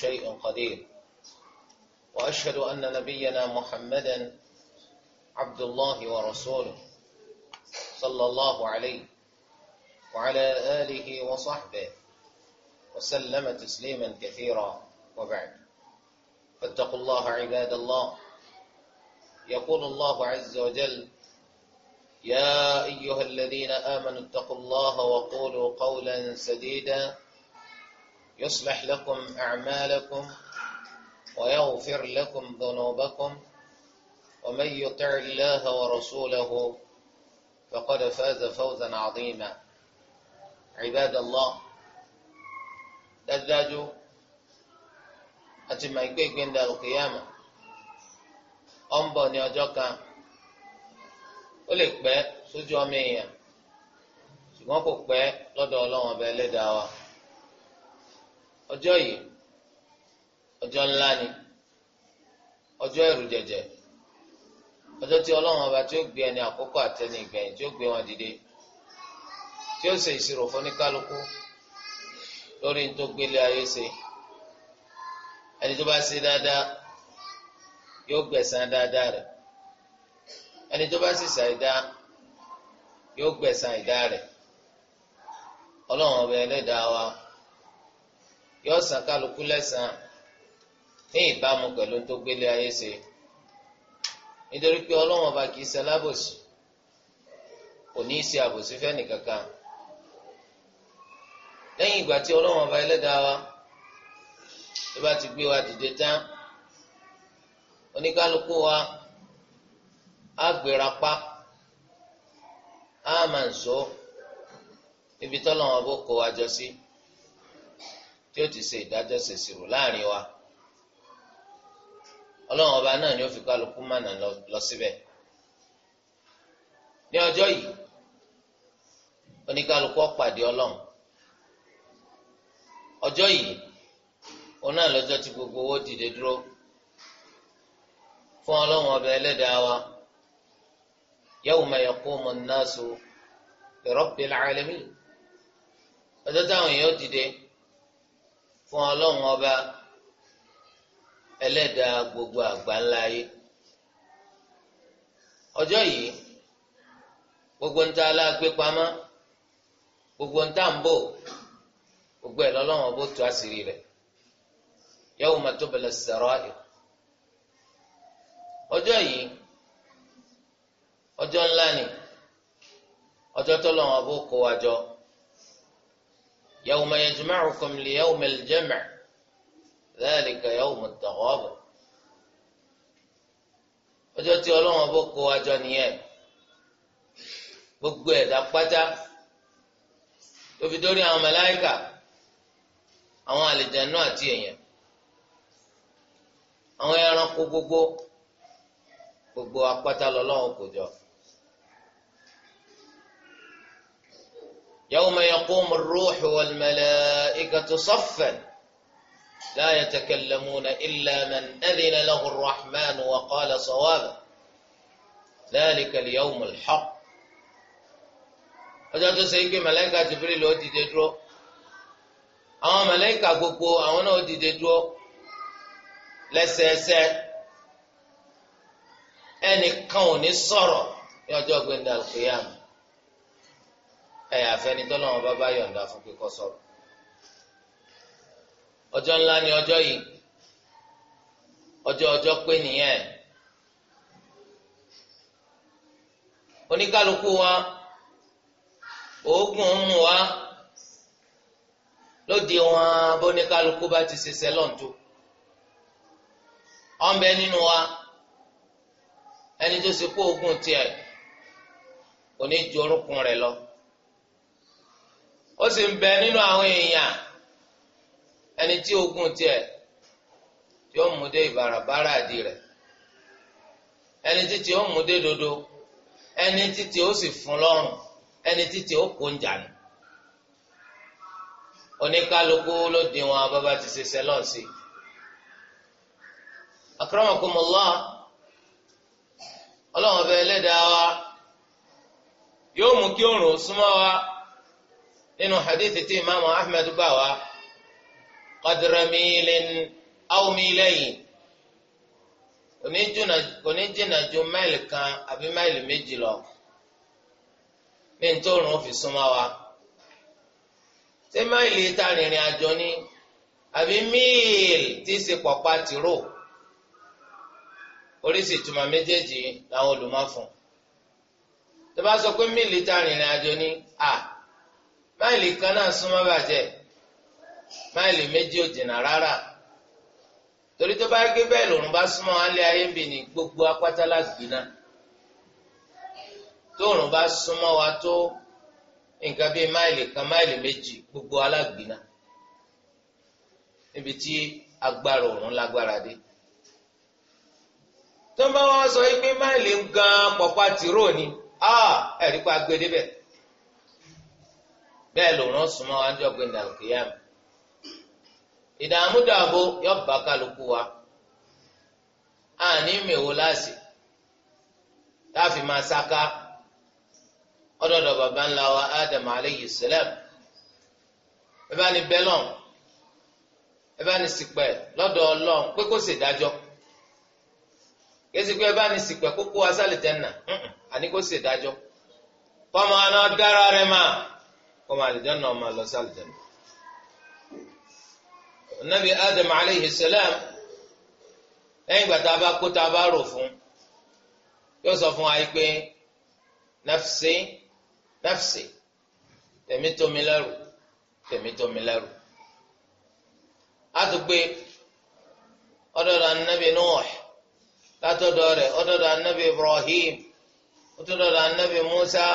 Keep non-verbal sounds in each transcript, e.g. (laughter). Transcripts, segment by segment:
شيء قدير وأشهد أن نبينا محمدا عبد الله ورسوله صلى الله عليه وعلى آله وصحبه وسلم تسليما كثيرا وبعد فاتقوا الله عباد الله يقول الله عز وجل يا أيها الذين آمنوا اتقوا الله وقولوا قولا سديدا يصلح لكم أعمالكم ويغفر لكم ذنوبكم ومن يطع الله ورسوله فقد فاز فوزا عظيما عباد الله دجاج أتما يقيق عند القيامة أمبو نيوجوكا قلق بي سجو ميا سجو ميا لدو لهم بي لدعوه ọjọ́ yìí ọjọ́ ńlá ni ọjọ́ ẹ̀rù jẹjẹ ọjọ́ tí ọlọ́run ọba tí ó gbé ẹni àkọ́kọ́ àtẹni ìgbẹ̀yìn tí ó gbé wọn dìde tí ó ṣe ìṣirò fún ní kálukú lórí ní tó gbélé ayé ṣe ẹni tó bá ṣe dáadáa yóò dáadáa rẹ. ẹni tó bá wa. yóò san kálukú lẹ́sàn-án ní ìbámu pẹ̀lú tó gbélé ayé ṣe nítorí pé ọlọ́wọ́n bá kì í ṣe alábòsí kò ní í ṣe àbòsí fẹ́ni kankan lẹ́yìn ìgbà tí ọlọ́wọ́n bá ẹlẹ́dàá wa tó bá ti gbé wa dìde tán oníkálukú wa á gbéra pa á máa ń so ibi tọ́lọ́wọ́n bó kó wa jọ sí. Si tí ó ti ṣe ìdájọ́ ṣèṣirò láàrin wa ọlọ́run ọba náà ni ó fi kálukú mànà lọ síbẹ̀ ní ọjọ́ yìí oníkálukú ọ̀pàdé ọlọ́run ọjọ́ yìí òun náà lọ́jọ́ tí gbogbo owó dìde dúró fún ọlọ́run ọba ẹlẹ́dàá wa yawma yaqumu nnasu li rabbil mi? ọjọ́ táwọn èèyàn dìde. fún ọlọ́run ọba ẹlẹ́dàá gbogbo àgbáńlá ayé ọjọ́ yìí gbogbo ń ta aláàgbé pamọ́ gbogbo ń tà ń bò gbogbo ẹ̀ lọ́lọ́run ọba ó tú àṣírí rẹ̀ yawma tubla sarair ọjọ́ yìí ọjọ́ ńlá ni ọjọ́ tó lọ́wọ́ bó kó wa jọ. يوم يجمعكم ليوم الجمع ذلك يوم التغابن ọjọ́ tí ọlọ́run ọbọ̀ kó àjọ nìyẹn gbogbo ẹ̀dá pátá tó fi dórí àwọn màláíkà àwọn àlejànú àti èèyàn àwọn ẹranko gbogbo gbogbo apátá lọ́lọ́run kò jọ. يوم يقوم الروح والملائكة صفا لا يتكلمون إلا من أذن له الرحمن وقال صوابا ذلك اليوم الحق ọjọ́ tó ṣe pé màláìka Jibril ó dìde dúró àwọn màláìka gbogbo àwọn náà ó dìde dúró lẹ́sẹẹsẹ ẹnìkan ò ní sọ̀rọ̀ ní ọjọ́ gbẹ̀ndà al-Qiyamah àyàfẹ́ ni tọ́lọ́wọ́n bá bá fún kíkọ sọ̀rọ̀ ọjọ́ ńlá ni ọjọ́ yìí ọjọ́ ọjọ́ pé nìyẹn oníkálukú wa oògùn ń mú wa lóde wọn bóníkálukú bá ti ṣe sẹlọ̀ǹtò ọ̀nbẹ wa ẹni tó ṣe kó oògùn lọ. ó sì ń bẹ nínú àwọn èèyàn ẹni tí ogun tiẹ̀ tí ó mú dé ìbarabara àdì rẹ̀ ẹni títí ó mú dodo ẹni títí ó sì fún lọ́rùn ẹni títí ó kó ń jànú oníkálukú ló di wọn bàbá ti ṣe sẹlọ́n sí i. akramakumullah ọlọ́run ọbẹ̀ ẹlẹ́dàá wa yóò mú kí oòrùn wa nínú hadithi tí imaamu ahmed gbà wá qadra miilin aw miilayin kò ní jìnnà ju máìlì kan àbí máìlì méjì lọ ní ntòrùn ó fi súnmọ́ wa ṣé máìlì ta rìnrìn ni àbí míìl tí ṣe pọ̀pá tìró oríṣi ìtumọ̀ méjèèjì làwọn olùmọ̀ fún tó bá sọ pé míìlì a. máìlì kan náà súnmọ́ bàjẹ́ máìlì méjì ò jìnnà rárá torí tó bá bẹ́ẹ̀ bá súnmọ́ alẹ́ ayé bì ní gbogbo apáta lágbìnà tóòrùn bá súnmọ́ wa tó nǹkan bíi máìlì kan máìlì méjì gbogbo Alagbina níbi tí agbára òrùn lágbára dé tó sọ yìí ah, pé máìlì ni ẹ̀rí pa gbé débẹ̀. bẹ́ẹ̀ lòun súnmọ́ wa ní ọ̀gbìn ìdààmú yọ bá kálukú wa àní mèwo láàsì táàfin máa sáká ọdọọdọ ńlá wa Adam aleyhi sẹlẹm ẹ bá ní bẹlọm ẹ bá ní ṣìpẹ̀ lọ́dọ̀ Ọlọ́run pé kó sì dájọ́ kéésì pé ẹ bá ní ọmọ àlìjáná ọmọ lọ sí àlìjáná. nabi adam aleyhi salam nafsi nafsi anabi anabi ibrahim anabi musa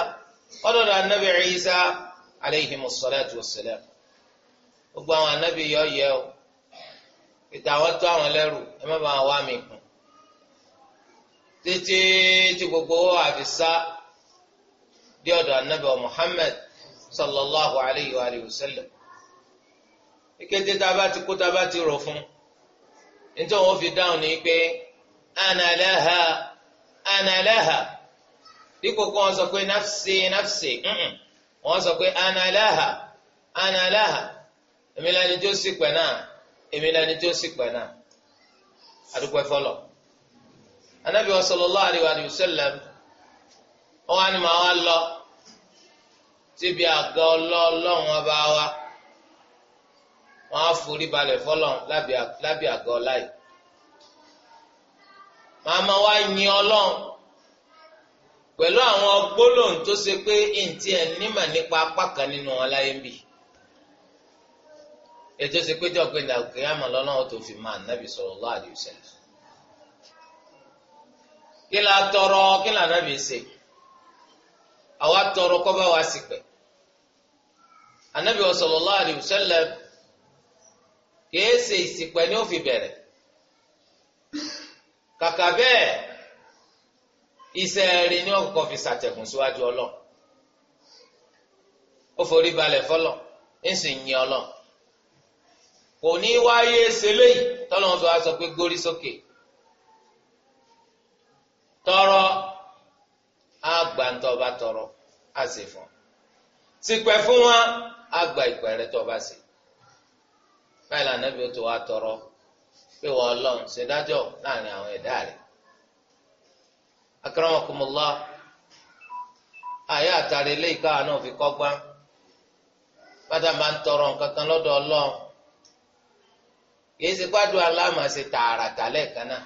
anabi isa. alayhimu salatu wassalam gbogbo àwọn anábì yọ yẹ o ìta àwọn tó àwọn lẹ́rù ẹ má bàa wá mi kù títí tí gbogbo owó àfisá dé ọ̀dọ̀ anábì wa Muhammad sallallahu alayhi wa alihi wa sallam ìkété tá a bá ti kó tá a bá ti rò fún nítorí wọn fi dáhùn ní pé ana laha ana laha wọn sọ pé nafsi nafsi. Mm -mm. wọ́n sọ pé na analaha èmi lẹni tó sì pẹ̀ náà èmi lẹni tó sì pẹ̀ náà àdúgbò ẹ̀fọ́lọ̀ anabi sallallahu alaihi wa sallam wá ní wá lọ síbi àga ọba wa wọn á forí balẹ̀ fọ́lọ́run lábẹ́ àga ọláyìí màá máa wá pẹ̀lú àwọn gbólóhùn tó ṣe pé ntí ẹ̀ nímà nípa apá kan nínú wọn láyé ń bì ètò ṣe pé jọ́ gbẹ̀dà kìyàmà lọ́nà tó fi máa nábì sallallahu alaihi wasallam kí la tọrọ kí la nábì ṣe àwa tọrọ wa sì pẹ̀ kìí ṣe ni ó fi bẹ̀rẹ̀ iṣẹ́ rẹ̀ ní ọ̀kọ̀ọ̀kan fi ṣàtẹ̀gùn síwájú ọlọ́ ó forí balẹ̀ fọlọ̀ ń sì yin ọlọ́ kò ní wáyé ṣẹlẹ̀ yìí tọ́lọ́wọ́n fi wá sọ pé gbórí sókè tọrọ àgbàntọ́ bá tọrọ á sì fún sípẹ́ fún wa àgbà ìpẹ́ rẹ tó bá báyìí lànà bí ó tó wá tọrọ pé wọ́n lọ́n ṣèdájọ́ láàrin àwọn ẹ̀dá rẹ̀ akramakumullah àyà àtàrí ilé ìkáwá náà fi kọ́gbá bàtà máa ń tọrọ nǹkan kan lọ́dọ̀ ọlọ́run kìí ṣe gbádùn aláàmà ṣe tààràtà lẹ́ẹ̀kan náà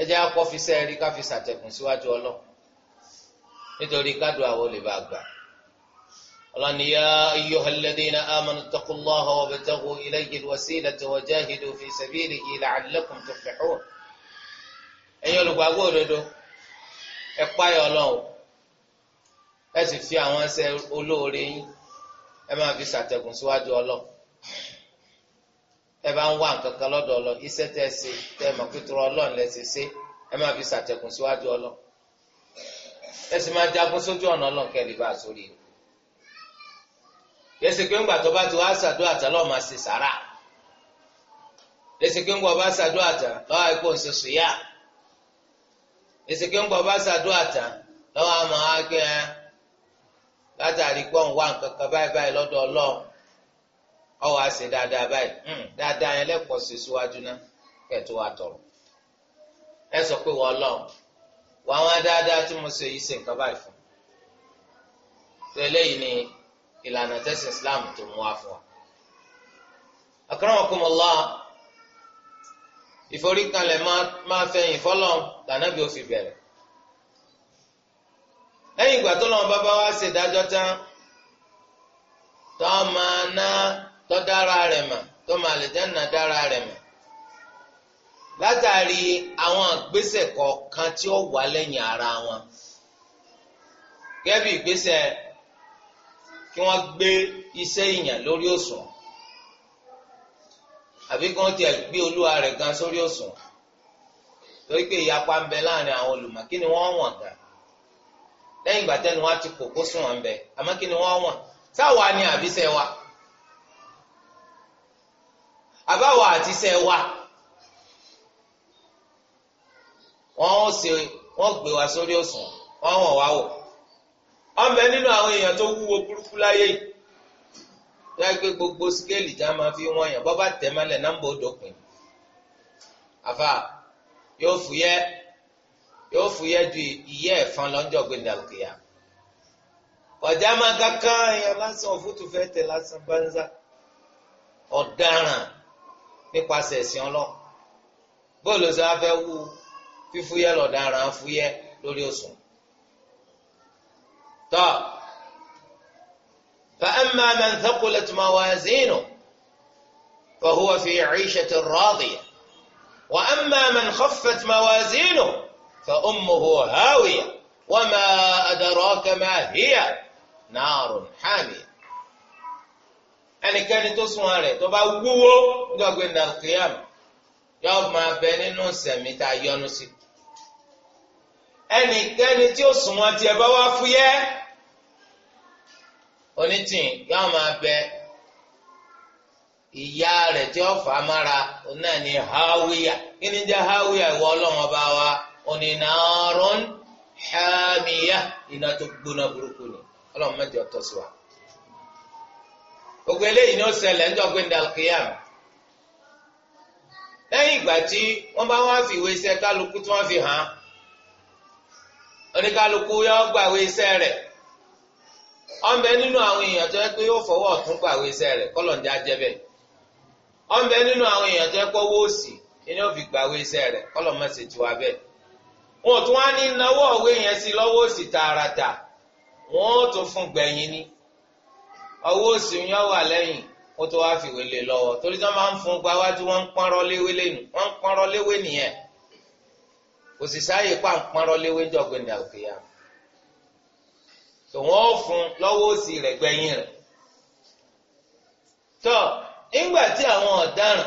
ẹ jẹ́ akọ́ fi sẹ́ẹ̀rí ká fi ṣàtẹ̀kùn síwájú ọlọ́run nítorí kádùn àwọn olè bá gbà ọlọ́ni yá ayyuhal ladhina amanu ittaqullaha wabtaghu ilayhi alwasilata wajahidu fi sabilihi la'allakum tuflihun. ẹ̀yin olùgbàgbọ́ òdodo ẹ páyọ Ọlọ́run ẹ sì fi àwọn ẹsẹ olóore yín ẹ máa fi ṣàtẹ̀gùn síwájú Ọlọ́run ẹ bá ń wá nǹkan kan lọ́dọ̀ Ọlọ́run iṣẹ́ tẹ́ ẹ ṣe tẹ́ ẹ mọ̀ pé tọrọ Ọlọ́run lẹ ṣe ṣe ẹ máa fi ṣàtẹ̀gùn síwájú Ọlọ́run ẹ sì máa jagun sójú ọ̀nà Ọlọ́run kẹ́ ẹ lè bá a sórí èsèké ń gbọ́ bá ṣàdúrà tán lọ́wọ́ àmọ́ àgbẹ̀ látàrí pé òun wà nǹkan kan báyìí báyìí lọ́dọ̀ ọlọ́run ọwọ́ àṣẹ dáadáa báyìí hmm, dáadáa yẹn lẹ́kọ̀ọ́ sí síwájú náà kẹ̀tọ́ wa tọ̀rọ̀ ẹ sọ pé wọ́n lọ́run wà wọ́n dáadáa tí mo ṣe yìí ṣe nǹkan báyìí fún tó eléyìí ni ìlànà Islam tó mú fún wa. ìforíkanlẹ̀ máa fẹ̀yìn fọlọ́ lànàbí ó fi bẹ̀rẹ̀ lẹ́yìn ìgbà tó lọ́wọ́ bàbá wa ṣèdájọ́ tán tó máa ná tó dára rẹ̀ mà tó máa lè jẹ́ nà dára rẹ̀ mà látàrí àwọn ìgbésẹ̀ kọ̀ọ̀kan tí ó wà lẹ́yìn ara wọn gẹ́bí ìgbésẹ̀ kí wọ́n gbé iṣẹ́ ìyàn lórí òṣùwọ̀n àbí kí wọ́n ti gbé olúwa rẹ̀ gan sórí òsùn torí pé ìyapa ń bẹ láàrin àwọn olùmọ̀ kí ni wọ́n wọ̀n gan lẹ́yìn ìgbà tẹ́nu wa ti kókó sùn wọn bẹ àmọ́ kí ni wọ́n wọ̀n sáwa ni àbísẹ́ wa àbáwa àtisẹ́ wa wọ́n ó ṣe wọ́n gbé wa sórí òsùn wọ́n wọ̀n wá wò ọmọ nínú àwọn èèyàn tó wúwo burúkú láyé yìí tẹ́gbẹ́ gbogbo skéèlì tí a máa fi wọ́n yàn bọ́bá tẹ̀ mọ́lẹ̀ nọ́mbà òdòpin àfa yóò fúyẹ́ yóò fúyẹ́ ju ìyẹ́ ẹ̀fọn lọ́jọ́ gbẹ̀dẹ̀ àlùkìyà ọ̀já máa kankan èèyàn lásán òfútu fẹ́ tẹ̀ lásán bánzá ọ̀daràn nípasẹ̀ ẹ̀sìn ọlọ́run bóòlù sọ afẹ́ wú fífúyẹ́ lọ̀daràn fúyẹ́ lórí òsùn tọ́ọ̀. فأما من ثقلت موازينه فهو في عيشة راضية وأما من خفت موازينه فأمه هاوية وما أدراك ما هي نار حامية أنا كانت تسمع لي طبعا وقوة قاقوا عند القيامة يوم ما بيني نوسم متعيون نسي أنا كانت اسمها تيبا وافية onítìǹ yóò máa bẹ ìyá rẹ tí ó fà á mára náà hawiya kí ni jẹ́ hawiya ìwọ ọlọ́run ọba wa òní nàárún iná tó gbóná burúkú ni ọlọ́run mẹ́jọ wa. gbogbo eléyìí ni ó ṣẹlẹ̀ ńjọ́ pé ndàlùkìyàm lẹ́yìn ìgbà tí wọ́n bá wá fìwé iṣẹ́ kálukú tí wọ́n fi hàn ọ̀nbẹ nínú àwọn èèyàn tó yẹ pé yóò fọwọ́ ọ̀tún gbàwé iṣẹ́ rẹ̀ kọ́lọ̀ ń jájẹ́ bẹ̀ ọ̀nbẹ nínú àwọn èèyàn tó yẹ pé owó òsì ni ó fi gbàwé iṣẹ́ rẹ̀ kọ́lọ̀ má ṣe tiwa bẹ́ẹ̀ wọn ò tún wá ní náwó ọ̀wé yẹn sí lọ́wọ́ òsì tààràtà wọn ò tún fún gbẹ̀yìn ni ọwọ́ òsì yẹn wà lẹ́yìn ó tó wá fìwé lé lọ́wọ́ torí tó máa ń fún gbáwájú wọn ń pọ́nrọ́ léwé lẹ́nu wọ́n ń pọ́nrọ́ léwé nìyẹn kò sì sáàyè ń pọ́nrọ́ léwé jọ̀gbìn ní àlùkìyámà tòun ó fún lọ́wọ́ òsì rẹ̀ gbẹ̀yìn rẹ̀ tọ́ nígbà tí àwọn ọ̀daràn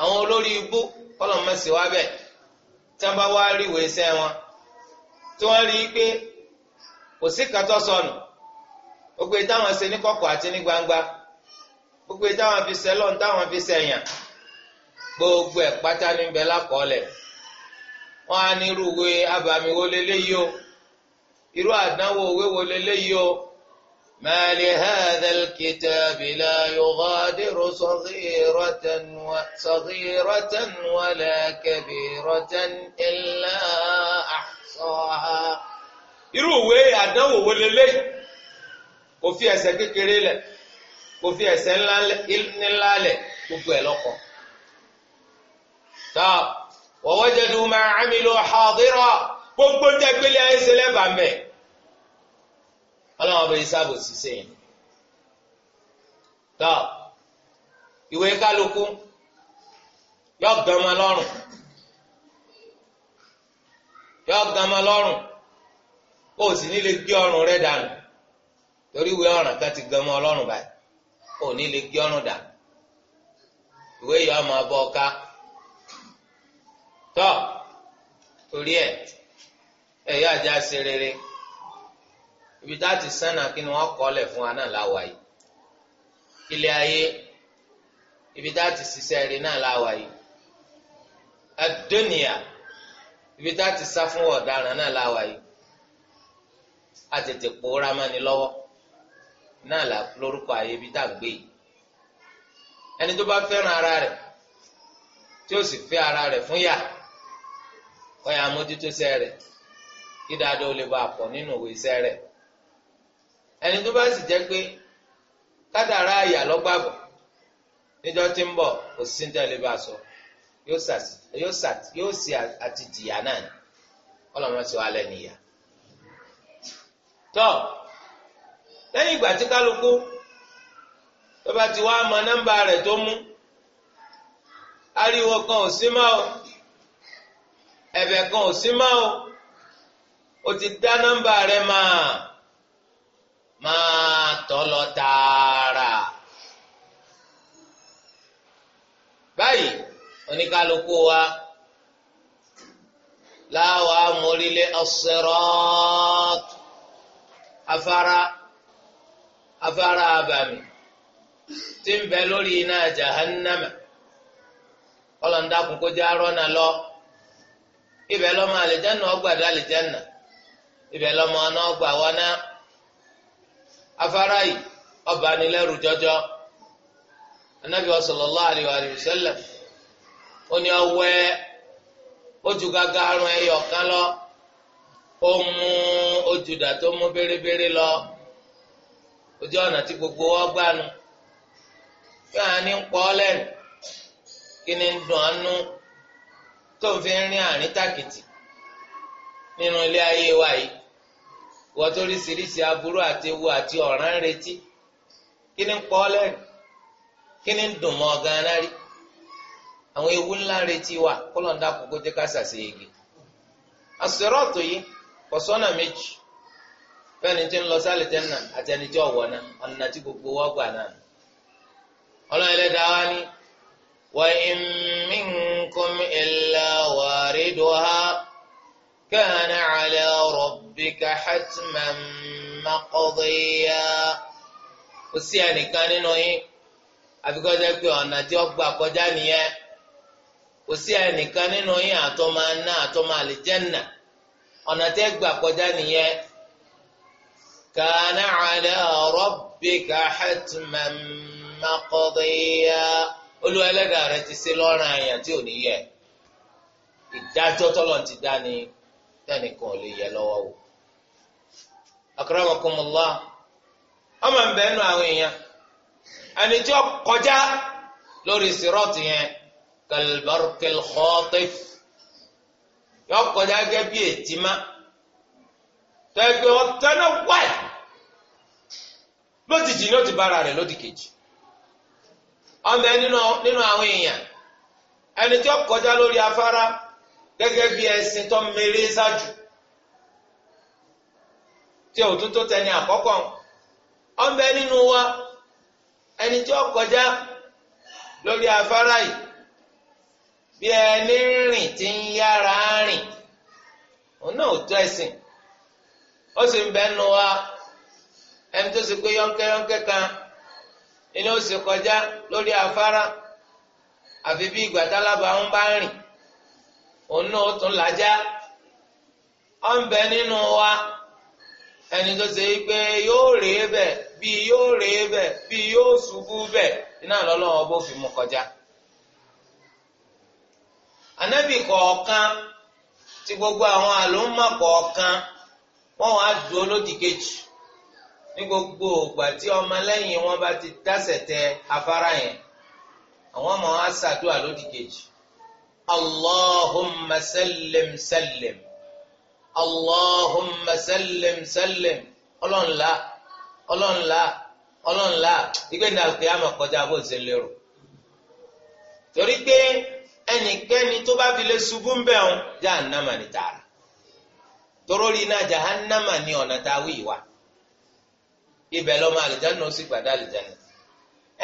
àwọn olórí ibú kọlọ̀mọ́sí wá bẹ̀ tí wọ́n bá wá rí ìwé iṣẹ́ wọn tí wọ́n rí i pé kò sí kàtọ́ sọnù gbogbo ìtàwọn ṣe ní kọ̀kọ̀ àti ní gbangba gbogbo ìtàwọn fi ṣe lọ́n táwọn fi ṣẹ̀yàn gbogbo ẹ̀ pátá níbẹ̀ lákọọ́lẹ̀ wọ́n á nírú ìwé abàmìwọlé léyìí o. irú àdánwò òwe wo leléyìí o ma li hadha yóò kitabi la yughadiru saghiratan wa saghiratan wala kabiratan illa ahsaha. irú òwe àdánwò wo leléyìí kò fi ẹ̀ṣẹ̀ kékeré lẹ̀ kò fi ẹ̀ṣẹ̀ ńlá lẹ̀ gbogbo ẹ̀ lọ́kọ̀. tá wọ́n lọ́kọ̀ọ́. ووجدوا ما عملوا حاضرا gbogbo ń tẹ́gbélé ayé ṣe lẹ́bàá mẹ́ẹ̀. ọlọ́run ọba ìsáàbò ṣiṣẹ́ yẹn. tọ́ ìwé kálukú yọ gànmọ́ lọ́rùn yọ gànmọ́ lọ́rùn O sì ní gbé ọrùn rẹ dànù torí ìwé ọ̀ràn kan ti báyìí gbé ọrùn ìwé yọ ọmọ tọ́ torí rere. ibi tá a ti sánà kí ni wọ́n fún wa náà láwa yìí ilé ayé ibi tá a ti ṣiṣẹ́ rí náà láwa yìí adóníyà ibi ti sá fún ọ̀daràn náà láwa yìí a tètè pòórá mọ́ni lọ́wọ́ náà là lórúkọ ayé ibi tá a gbé yìí ẹni tó bá fẹ́ràn ara rẹ̀ tí ó sì fẹ́ ara rẹ̀ fún yà ọ̀yà ẹni tó bá sì jẹ́ pé kádàrá àyà lọ́gbàgbọ́ níjọ́ tí ń bọ̀ kò sí ní tẹ́lẹ̀ bá sọ yóò sì àti jìyà náà ni ọlọ́mọ sì wà lẹ́nu ìyà. tọ́ lẹ́yìn ìgbà tí kálukú tó bá ti wá mọ nọ́mbà rẹ̀ tó mú ariwo kan ò sí mọ́ o ẹ̀bẹ̀ kan ò sí mọ́ o o ti dá nọ́mbà rẹ̀ máa máa tọ́ lọ tààrà. báyìí oníkálukú wa láwa mórílé as-sirat afárá afárá abàmì tí ń bẹ lórí iná jahannama kọlọ̀ndà kún kó jẹ́ arọ́nà lọ ibẹ̀ lọ́mọ àlìjánà ọgbàdo àlìjánà ibẹ̀ lọ́mọ ọ̀nà ọgbà wọná. afárá yìí ọba nílẹ̀rù jọjọ anabi sallallahu alayhi wa sallam ó ní ọwẹ́ ojú gàgà ẹyọ kan lọ ó mú ojú dà tó mú bérebére lọ ojú ọ̀nà tí gbogbo wọn pọ́ lẹ́nu kí ni ń dùn ánú tó ń wọ́n tó ríṣiríṣi aburú àti ewu àti ọ̀ràn retí kí ni ń pọ́ lẹ́rìn kí ni ń ewu ńlá retí wa kọ́lọ̀ ń dákun kó jẹ́ ká ṣàṣeyege àṣìṣẹ́rọ́ọ̀tò yìí kò sọ́nà méjì fẹ́ni tí ń lọ àti ẹni tí ọ̀wọ́ náà ọ̀nà tí gbogbo wa gbà náà ọlọ́run ẹlẹ́dàá wa ní ربك حتما مقضيا kò sí ẹnìkan nínú yín àfikọ́jẹ́ pé ọ̀nà tí ó gbà kọjá nìyẹn kò sí ẹnìkan nínú yín àtọ́mọ aná àtọ́mọ àlìjẹ́nà ọ̀nà tí ó gbà kọjá nìyẹn kana ala rabbika hatman maqdiya olú rẹ ti ṣe lọ́rùn àyàn tí ò ní yẹ ìdájọ́ tọ́lọ̀ ti dá ni tẹ́nìkan ò lè yẹ lọ́wọ́ wò. akramakumullah ọmọ nbẹ nù àwọn èèyàn ẹni tí ó kọjá lórí sirọt yẹn kalbarkil yọ kọjá gẹ́gẹ́ bí ètìmá tẹ́gbẹ́ ọ̀tẹ́nà wáyà lójijì ni ó ti bára rẹ̀ lódì kejì ọmọ nínú àwọn èèyàn ẹni tí ó kọjá lórí afárá bí tó mèrè tí ò tún tẹni àkọ́kọ́ ọ̀nbẹ nínú wa ẹni tí ó kọjá lórí afárá yìí bí ẹni rìn tí ń yára rìn òun náà ò tó ó sì ń bẹ wa kan ó sì kọjá lórí afárá àfi bí ìgbà tálábà ń bá rìn òun náà ó tún làjá ẹni tó ṣe pé yóò rèé bẹ̀ bí yóò rèé bẹ̀ bí yóò ṣubú bẹ̀ iná lọ́lọ́wọ́ bó fi mú kọjá. ànábì kọ̀ọ̀kan tí gbogbo àwọn àlùmọ̀ kọ̀ọ̀kan wọ́n wá dúró lódì kejì ní gbogbo ìgbà tí ọmọlẹ́yìn wọn bá ti dásẹ̀ tẹ afárá yẹn àwọn ọmọ wa ṣàdúrà lódì kejì. Allahumma sallim sallim. allahumma sallim sallim ọlọ́nla ọlọ́nla ọlọ́nla ìgbẹ́ni àlùkìyàmọ̀ kọjá bó ṣe lérò torí pé ẹnikẹ́ni tó bá fi lè ṣubú ń bẹ̀ ọ́n jahannama ni tààrà torórí iná jahannama ni ọ̀nà tá a wí ibẹ̀ lọ́mọ àlùjáná ó sì gbàdá àlùjáná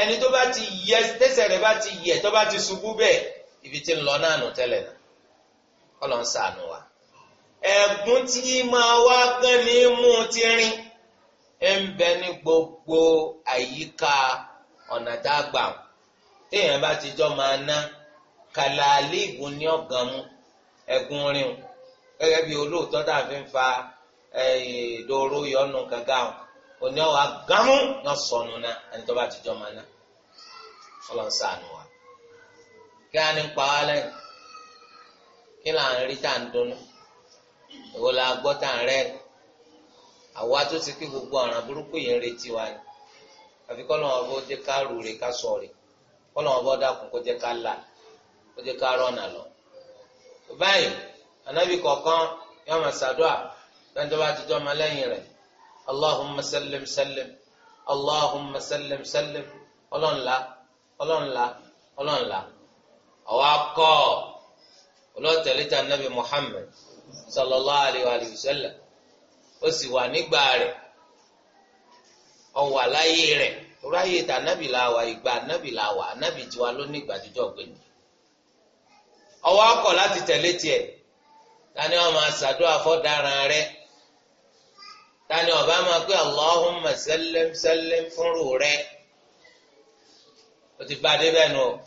ẹni tó bá ti yẹ tẹsẹ̀ rẹ̀ bá ti yẹ tó bá ti ṣubú bẹ́ẹ̀ ibi ń lọ náà nù tẹ́lẹ̀ náà ẹ̀gún tí máa wá gán ní mú ti ń bẹ ní gbogbo àyíká ọ̀nà gba a gbà téèyàn bá ti jọ máa ná kàlà àléèbù ní ọ̀gàn ẹ̀gún rìn gẹ́gẹ́ bí olóòótọ́ tá a fi ń fa ìdòrò yọnu kankan òní ọ̀wà gámú yọ sọnù náà ẹni tó bá ti jọ máa ná wa kí èwo la gbọ́ tá à ń rẹ́ àwa tó ti pé gbogbo ọ̀ràn burúkú yẹn retí wa ni àfi kọ́ lọ́wọ́ bó jẹ́ ká rúre ká sọ̀rì kọ́ lọ́wọ́ bó dákun kó jẹ́ ká là kó jẹ́ ká rọ́nà lọ. báyìí anábì kọ̀ọ̀kan yóò máa ṣàdúrà lẹ́ńtọ́ bá ti jọ́ ọmọ lẹ́yìn rẹ̀ allahumma sallim sallim allahumma sallim sallim ọlọ́nla ọlọ́nla ọlọ́nla ọwọ́ akọ́ nabi muhammed. sallallahu alayhi wa sallam ó sì wà nígbà rẹ̀ ó wà láyé rẹ̀ ráyè tà nábì la wà ìgbà nábì la wà nábì tiwa ló ní ìgbà jíjọ gbẹ̀yìn ọwọ́ akọ̀ láti tẹ̀lé tiẹ̀ tani ó máa ṣàdúrà fọ́daràn tani ó máa pé Allahumma sallim sallim fúnrù rẹ̀ ó ti bá a dé nù o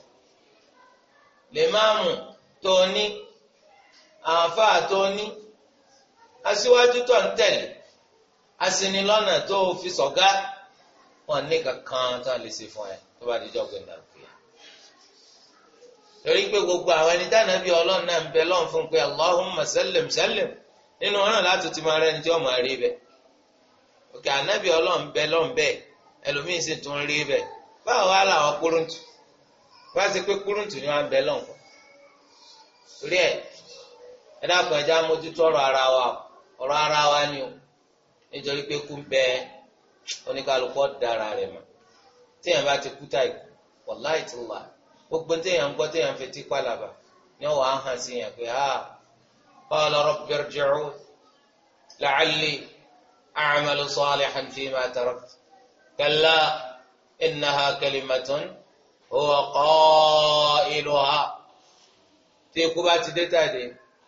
lè máàmù tó ní. àáfàá tó ní aṣíwájú tó ń tẹ̀lé aṣinilọ́nà tó fi sọ̀gá wọn ní kankan tó lè ṣe fún ẹ tó bá dijọ́ gbẹ̀dà gbìyà. torí pé gbogbo àwọn ẹni dáná bíi ọlọ́run náà ń bẹ lọ́n fún pé Allahumma sallim sallim nínú ọ̀ràn láti ti máa rẹni tí ó rí bẹ. òkè ànábì ọlọ́run bẹ lọ́n bẹ́ẹ̀ ẹlòmíín sì tún rí bẹ́ẹ̀ báwo wá làwọn kúrúntù bá ti pé kúrúntù ni wọn bẹ lọ́n ẹ dákun ẹjẹ amójútó ọ̀rọ̀ ara wa ọ̀rọ̀ ara wa ni o nítorí pé kú bẹ oníkálukú dára rẹ̀ mọ̀ téèyàn bá ti kú táì wàláì ti wà gbogbo téèyàn ń téèyàn ń fetí pàlàbà ni wọn wàá sí yẹn pé ha qala rabbi irji'un la'alli a'malu salihan fima tarakt kalla innaha kalimatun huwa qailuha tí ikú bá ti dé tàdé.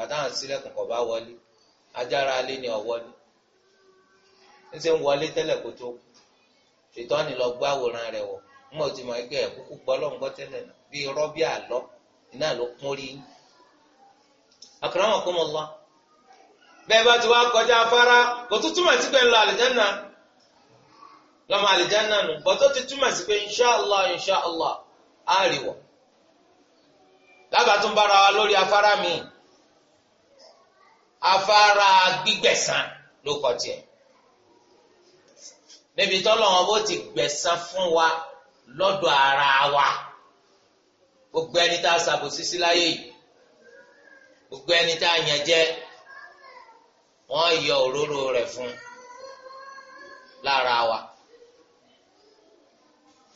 bàtà hàn sílẹ̀kùn kọ̀ bá wọlé ajára alé ni ọ̀wọ́lé ńṣe ń wọlé tẹ́lẹ̀ kó tó ṣètò ọ̀nì lọ gbọ́ àwòrán rẹ̀ wọ̀ mọ̀ tí mo gbé ẹ̀ kúkú gbọ́ lọ́n gbọ́ tẹ́lẹ̀ náà bíi rọ́bì àlọ́ iná ló kún rí yín. akramakumullah bẹ́ẹ̀ bá ti wá kọjá afárá kò tún túmọ̀ sí pé ń lọ àlìjánná lọ́mọ àlìjánná nù bọ́tọ́ ti túmọ̀ sí pé inṣáàlá inṣáàlá àárìwọ̀ lábàtún wa lórí afárá míì afárá gbígbẹ̀san ló kọ tiẹ̀ níbi tọ́lọ̀ wọn bó ti gbẹ̀san fún wa lọ́dọ̀ ara wa gbogbo ẹni tá a ṣàbòsí sí láyé yìí gbogbo ẹni tá a yàn jẹ wọn yọ òróró rẹ̀ fún lára wa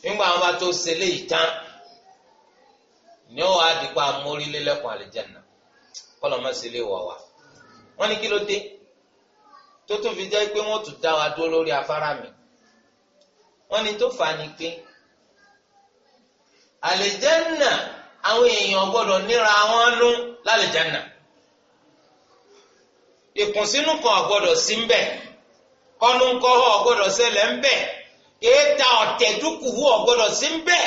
nígbà wọn bá tó ṣe léyìí tán ni ó wàá dìpọ̀ amórílélẹ́kùn àlìjẹ́nà kọ́lọ́ mọ́ sí ilé wá. Wa wọ́n ní kí ló dé tó tún fi jẹ́ pé wọ́n tún dá wa dúró lórí afárá mi wọ́n ní tó fà á ni pé àlèjẹ́nà àwọn èèyàn gbọ́dọ̀ níra wọn nú lálèjẹ́nà ìkùnsínú kan ọ̀gbọ́dọ̀ sí ń bẹ̀ ọ̀gbọ́dọ̀ ṣẹlẹ̀ ń kéèta ọ̀tẹ̀dúkùú ọ̀gbọ́dọ̀ sí ń bẹ̀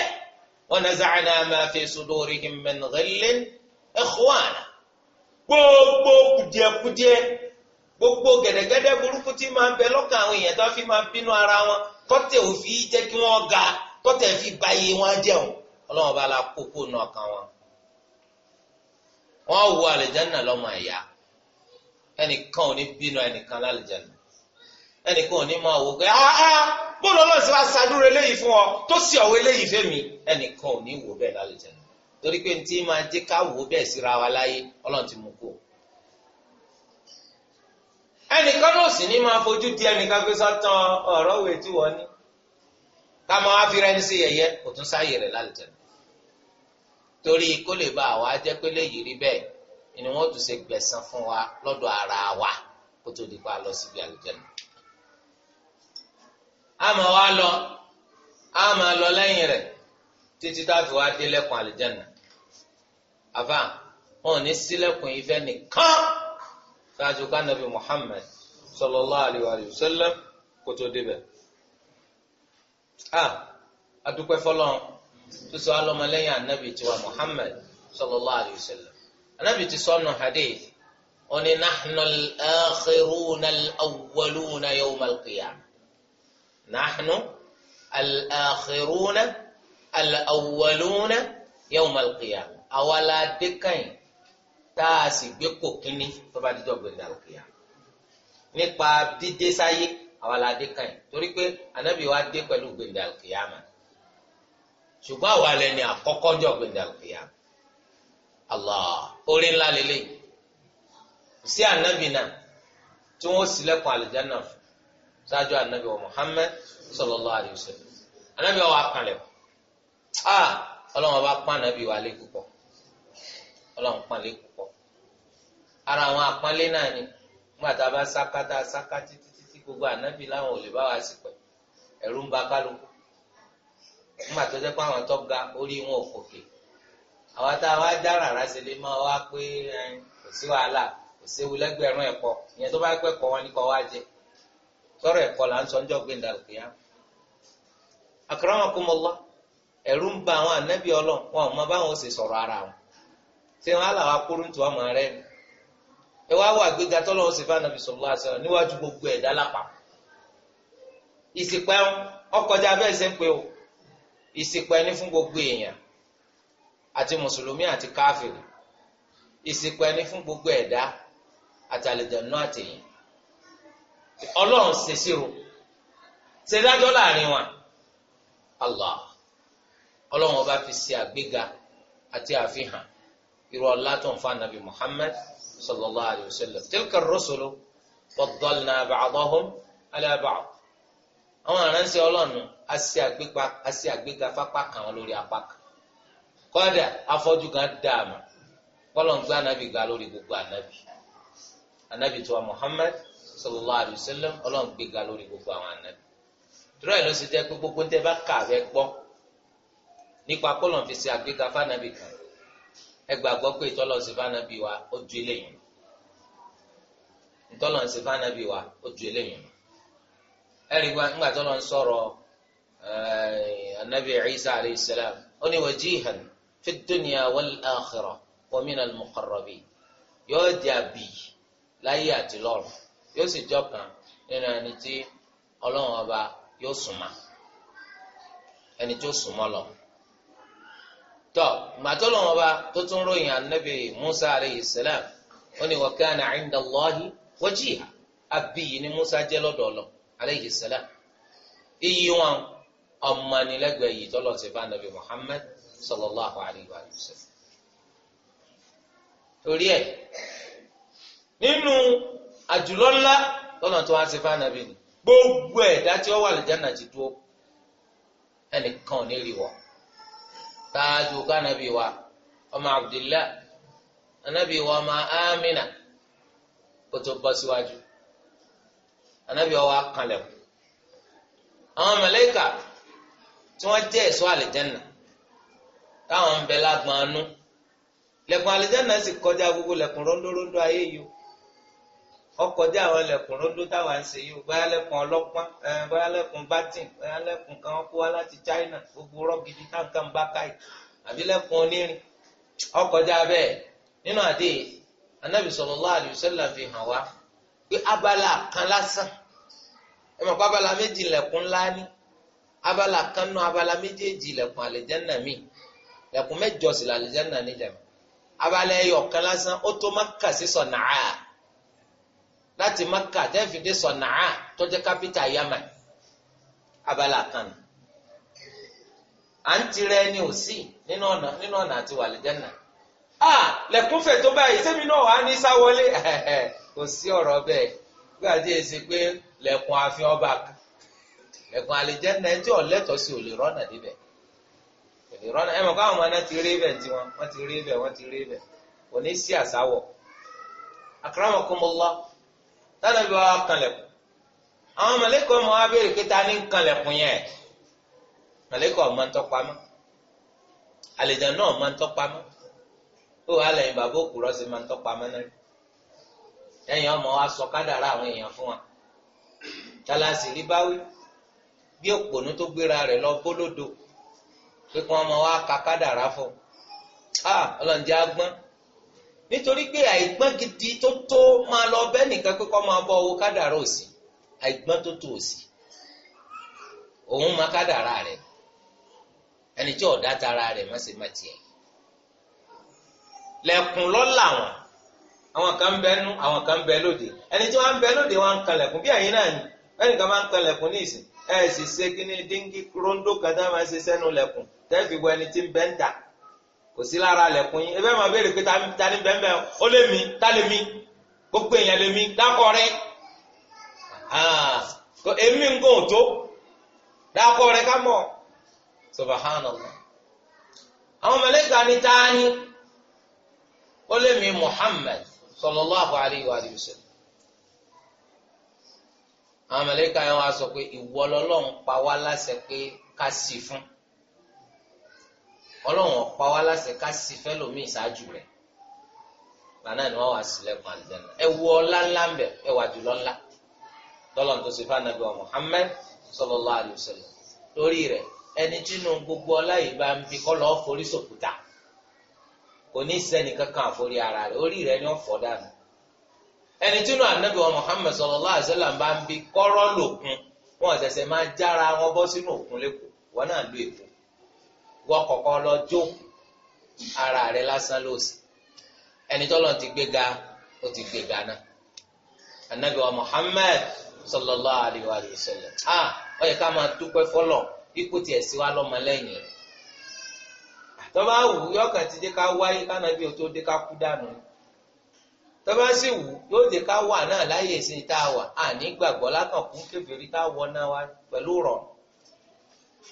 wa naza'na ma fi sudurihim min ghillin ikhwana gbogbo kùdìẹ̀kùdìẹ̀ gbogbo gẹ̀dẹ̀gẹ̀dẹ̀ burúkú tí máa ń bẹ lọ́kàn àwọn èèyàn tó fi máa bínú ara wọn kọ́tẹ̀ ò fi jẹ́ kí wọ́n ga kọ́tẹ̀ fi gba iye wọn jẹun ọlọ́run bá la kókó náà kan wọn. wọ́n wo àlìjáná lọ́mọ ẹ̀yà ẹnìkan ò ní bínú ẹnìkan lálìjáná ẹnìkan ò ní máa wò pé áá bóun lọ́lọ́sí wa ṣàdúró eléyìí fún ọ tó sì ọ̀wọ́ eléyìí fẹ́mi ẹnìkan ò ní wò bẹ́ẹ̀ lálìjáná torí pé ntí máa jẹ́ ká wò bẹ́ẹ̀ síra wa láyé ọlọ́run ti mú kó. ẹnìkan náà sì ní máa fojú di ẹnìkan pé sọ́tàn ọ̀rọ̀ òwe tí wọ́n ní ká máa fi rẹ́ni sí yẹ̀yẹ́ kò tún sáàyè rẹ̀ lálùjẹ́ torí kó lè bá àwa jẹ́ pé léyìí rí bẹ́ẹ̀ ni wọ́n tún ṣe gbẹ̀san fún wa lọ́dọ̀ ara wa kó tó di pa lọ síbi àlùjẹ́ a máa wá lọ a máa lọ lẹ́yìn rẹ̀ títí táàfù wa dé lẹ́kùn àlìjẹ́nà àbá wọn ò ní sílẹ̀kùn ìfẹ́ nìkan ṣáájú kánábì Muhammad sallallahu alayhi wa sallam kó tó débẹ̀. a adúpẹ́ fọlọ́n tó sọ alọ́mọlẹ́yìn anábì tiwa Muhammad sallallahu alayhi wa sallam anábì ti sọnù hadith oni nahnu al-akhirun al-awwalun yawm al-qiyamah nahnu al-akhirun al-awwaluna yawm al-qiyamah àwa la dé kàn tá a sì gbé kò kínní tó bá dídọ̀ gbẹ̀dẹ̀ àlùkìyà nípa dídé sáyé àwa la dé kàn torí pé ànábì wa dé pẹ̀lú gbẹ̀dẹ̀ àlùkìyà mà ṣùgbọ́n àwa lẹni àkọ́kọ́ jọ gbẹ̀dẹ̀ àlùkìyà Allah orí ńlá lélẹ́yìí sí ànábì náà tí wọ́n ṣílẹ̀kùn àlùjáná fún ṣáájú ànábì wa Muhammad sallallahu alayhi wa sallam ànábì wa wà kànlẹ̀kùn. a ọlọ́run bá pọ́n ànábì wa lé púpọ̀ ọlọ́run pọ́n púpọ̀ ara àwọn náà ni nígbà bá sákátá gbogbo ànábì láwọn ò lè bá wa sí pẹ̀ ẹ̀rù ń ba kálukú nígbà tó ga orí wọn ò fòkè àwa tá a wá dá rárá máa wá pé kò sí wàhálà kò séwu lẹ́gbẹ̀rún ẹ̀kọ́ ìyẹn tó bá pẹ́ kọ́ wọn wá jẹ ẹ̀kọ́ là ń Eru ń ba àwọn ànábì ọlọ́run wọn ò mọ báwọn ṣe ara wọn ṣé wọn á là wá kúrú ní tiwọn rẹ ni ẹ wá wà gbéga tọ́lọ́run ṣe fún ànábì sọ̀rọ̀ àṣẹ níwájú gbogbo ẹ̀dá lápá ìsìpẹ́ ọkọjá bẹ́ẹ̀ ṣe ń pe o ìsìpẹ́ ní fún gbogbo èèyàn àti mùsùlùmí àti fún gbogbo ẹ̀dá àtàlẹ̀dẹ̀nú àtẹ̀yìn ọlọ́run ṣèṣirò ọlọ́run ọba fi ṣe àgbéga àti àfihàn irú ọlá tó ń fa nàbì muhammad sallallahu alayhi wa sallam tilka rusulu faddalna ba'dahum ala ba'd àwọn aránṣẹ́ ọlọ́run a ṣe àgbéga fápá kan wọn lórí apá kan kọ́dà afọ́jú kan dààmú kọ́lọ́n gbá anabi ga lórí gbogbo anabi anabi tiwa muhammad sallallahu alayhi wa sallam ọlọ́run gbé ga lórí gbogbo àwọn anabi dúró ẹ̀ ló ṣe jẹ́ pé gbogbo tẹ́ bá kà bẹ́ gbọ́ nípa kọlọ̀ fi ṣe àgbéga fánábì kan ẹ gbàgbọ́ pé ìtọ́lọ̀ ṣe fánábì wa ó ju eléyìí ìtọ́lọ̀ ṣe fánábì wa ó ju eléyìí ẹ rí wa ńgbà tọ́lọ̀ ń sọ̀rọ̀ anabi eh, Isa alayhi salam ó ní wajihan fi dunya wal akhirah wa min al muqarrabin yóò di àbí láyé àti lọ́run yóò sì jọ nínú ẹni tí ọlọ́run ọba yóò sùnmọ́ ẹni tí ó sùnmọ́ lọ́run tọ́ màtọ́lọ́ wọn bá tó tún ròyìn anabi musa aleyhi salam ó ní wa kana inda Allahi wajiha abiyi ni musa jẹ́ lọ́dọ̀ ọlọ aleyhi salam iyì wọn ọmọnilẹ́gbẹ̀ẹ́ yìí tọ́lọ̀ sí fún anabi muhammed sallallahu alayhi wa sallam torí ẹ nínú àjùlọ ńlá lọ́nà tó wá sí fáànàbí ni gbogbo ẹ̀dá tí ó wà lè jẹ́nà ti dúró ẹnìkan ò ní rí wọ ṣáájú kánábì wa ọmọ abdullahi anabi wa ọmọ amina kó tó bọ́ síwájú anabi wa kanlẹ̀ àwọn mẹlẹ́kà tí wọ́n jẹ́ ẹ̀ṣọ́ àlìjẹ́nà táwọn ń bẹ lágbọ̀n anú lẹ̀kùn àlìjẹ́nà sì kọjá gbogbo lẹ̀kùn rọ́ńdọ́rọ́ńdọ́ ayé yìí ọkọjá àwọn ẹlẹ́kùn ló táwa ń ṣe yìí bóyá lẹ́kùn ọlọ́pọ́n bóyá lẹ́kùn bóyá lẹ́kùn kan kó wá láti China gbogbo rọ́gìdì táǹkà ń bá káyì àbí lẹ́kùn onírin ọkọjá bẹ́ẹ̀ nínú àdé anábì sallallahu alaihi wasallam fi hàn wá pé abala kan lásán ẹ mọ̀ pé abala méjì lẹ́kùn ńlá ní abala kan abala méjèèjì lẹ́kùn àlẹ́jẹ́nà mi lẹ́kùn mẹ́jọ sí làlẹ́jẹ́nà abala ẹyọ kan lásán ó tó má kà sí láti Maka tẹ́fìdé sọ̀nàá tó jẹ́ kápítà Yaman abala kan à ń tirẹ̀ ẹni ò sí nínú ọ̀nà nínú ọ̀nà àti wàlìjẹ́nà a lẹ́kúnfẹ̀ tó báyìí sẹ́mi náà wà á ní sáwọlé (laughs) kò sí ọ̀rọ̀ bẹ́ẹ̀ gbàdí èsì pé lẹ́kùn ọba lẹ́kùn àlìjẹ́nà tí ò lẹ́tọ̀ọ́ sí rọ́nà níbẹ̀ rọ́nà mọ̀ káwọn ọmọ náà ti rí bẹ̀ wọ́n ti tánàbí wa kanlẹ̀kùn àwọn mọ̀lẹ́kọ̀ ọmọ wa béèrè pé ta ni ń kanlẹ̀kùn yẹn mọ̀lẹ́kọ̀ ọmọ ń tọ́pamọ́ àlejò náà ọmọ ń tọ́pamọ́ ó wà lẹ́yìn bàbá òkúrọ́ sí máa ń tọ́pamọ́ náà ẹ̀yìn ọmọ wa sọ kádàrá àwọn èèyàn fún wa tálásì rí báwí bí òpònú tó gbéra rẹ̀ lọ bólódò pé kí wọ́n mọ wa ka kádàrá fún un ah, ọlọ́njẹ́ agbọ́n. nítorí pé àìgbọ́n gidi tó tó máa lọ bẹ́ẹ̀ nìkan pé kọ́ máa bọ owó kádàrá òsì àìgbọ́n tó tó òsì òun máa kádàrá rẹ̀ ẹni tí ọ̀dá tara rẹ̀ má ṣe má tiẹ̀ lẹ̀kùn lọ́la wọn àwọn kan bẹ nú àwọn kan bẹ lóde ẹni tí wọ́n bẹ lóde wọn bí náà ni kan máa ń ní ìsìn ẹ̀ sì ṣe kí rondo kan tá máa ṣe sẹ́nu kò sí lára lẹ̀kùn yín ebẹ́ máa béèrè pé ta ni ó lé mi ta mi gbogbo èèyàn lè mi dákọ̀ rẹ èmi nǹkan ò tó dákọ̀ rẹ ká mọ̀ subahánàlá àwọn mẹlẹ́ka ni ta ni ó lé mi Muhammad àwọn yẹn wá sọ pé ọlọ́run ọ̀pá wa láṣẹ ká sí fẹ́lòmíì ṣáájú rẹ̀ lànà ni wọ́n wá sílẹ̀kùn àlùjánnà ẹ ọlá ńlá ń bẹ̀ ẹ wà jùlọ ńlá tọ́lọ́n tó ṣe fún anabi wa torí rẹ̀ ẹni tínú gbogbo ọlá yìí bá ń bi ni wọ́n fọ́ dànù ẹni tínú anabi wa bá ń bi kọ́rọ́ lòkun ṣẹ̀ṣẹ̀ máa jára wọn bọ́ sínú òkun lẹ́kọ̀ọ́ wọn náà wọ́n kọ̀kọ́ lọ jó ara rẹ̀ lásán lòsì ẹni tọ́lọ̀ ti ga ó ti ga náà anabi wa sallallahu alayhi wa sallam a ó yẹ ká máa dúpẹ́ ipò tiẹ̀ sí wa tọ́ba wù ti dé ká wáyé kánàbí o tó dé ká kú dànù tọ́ba sì wù yóò dé ká wọ náà wá pẹ̀lú rọ̀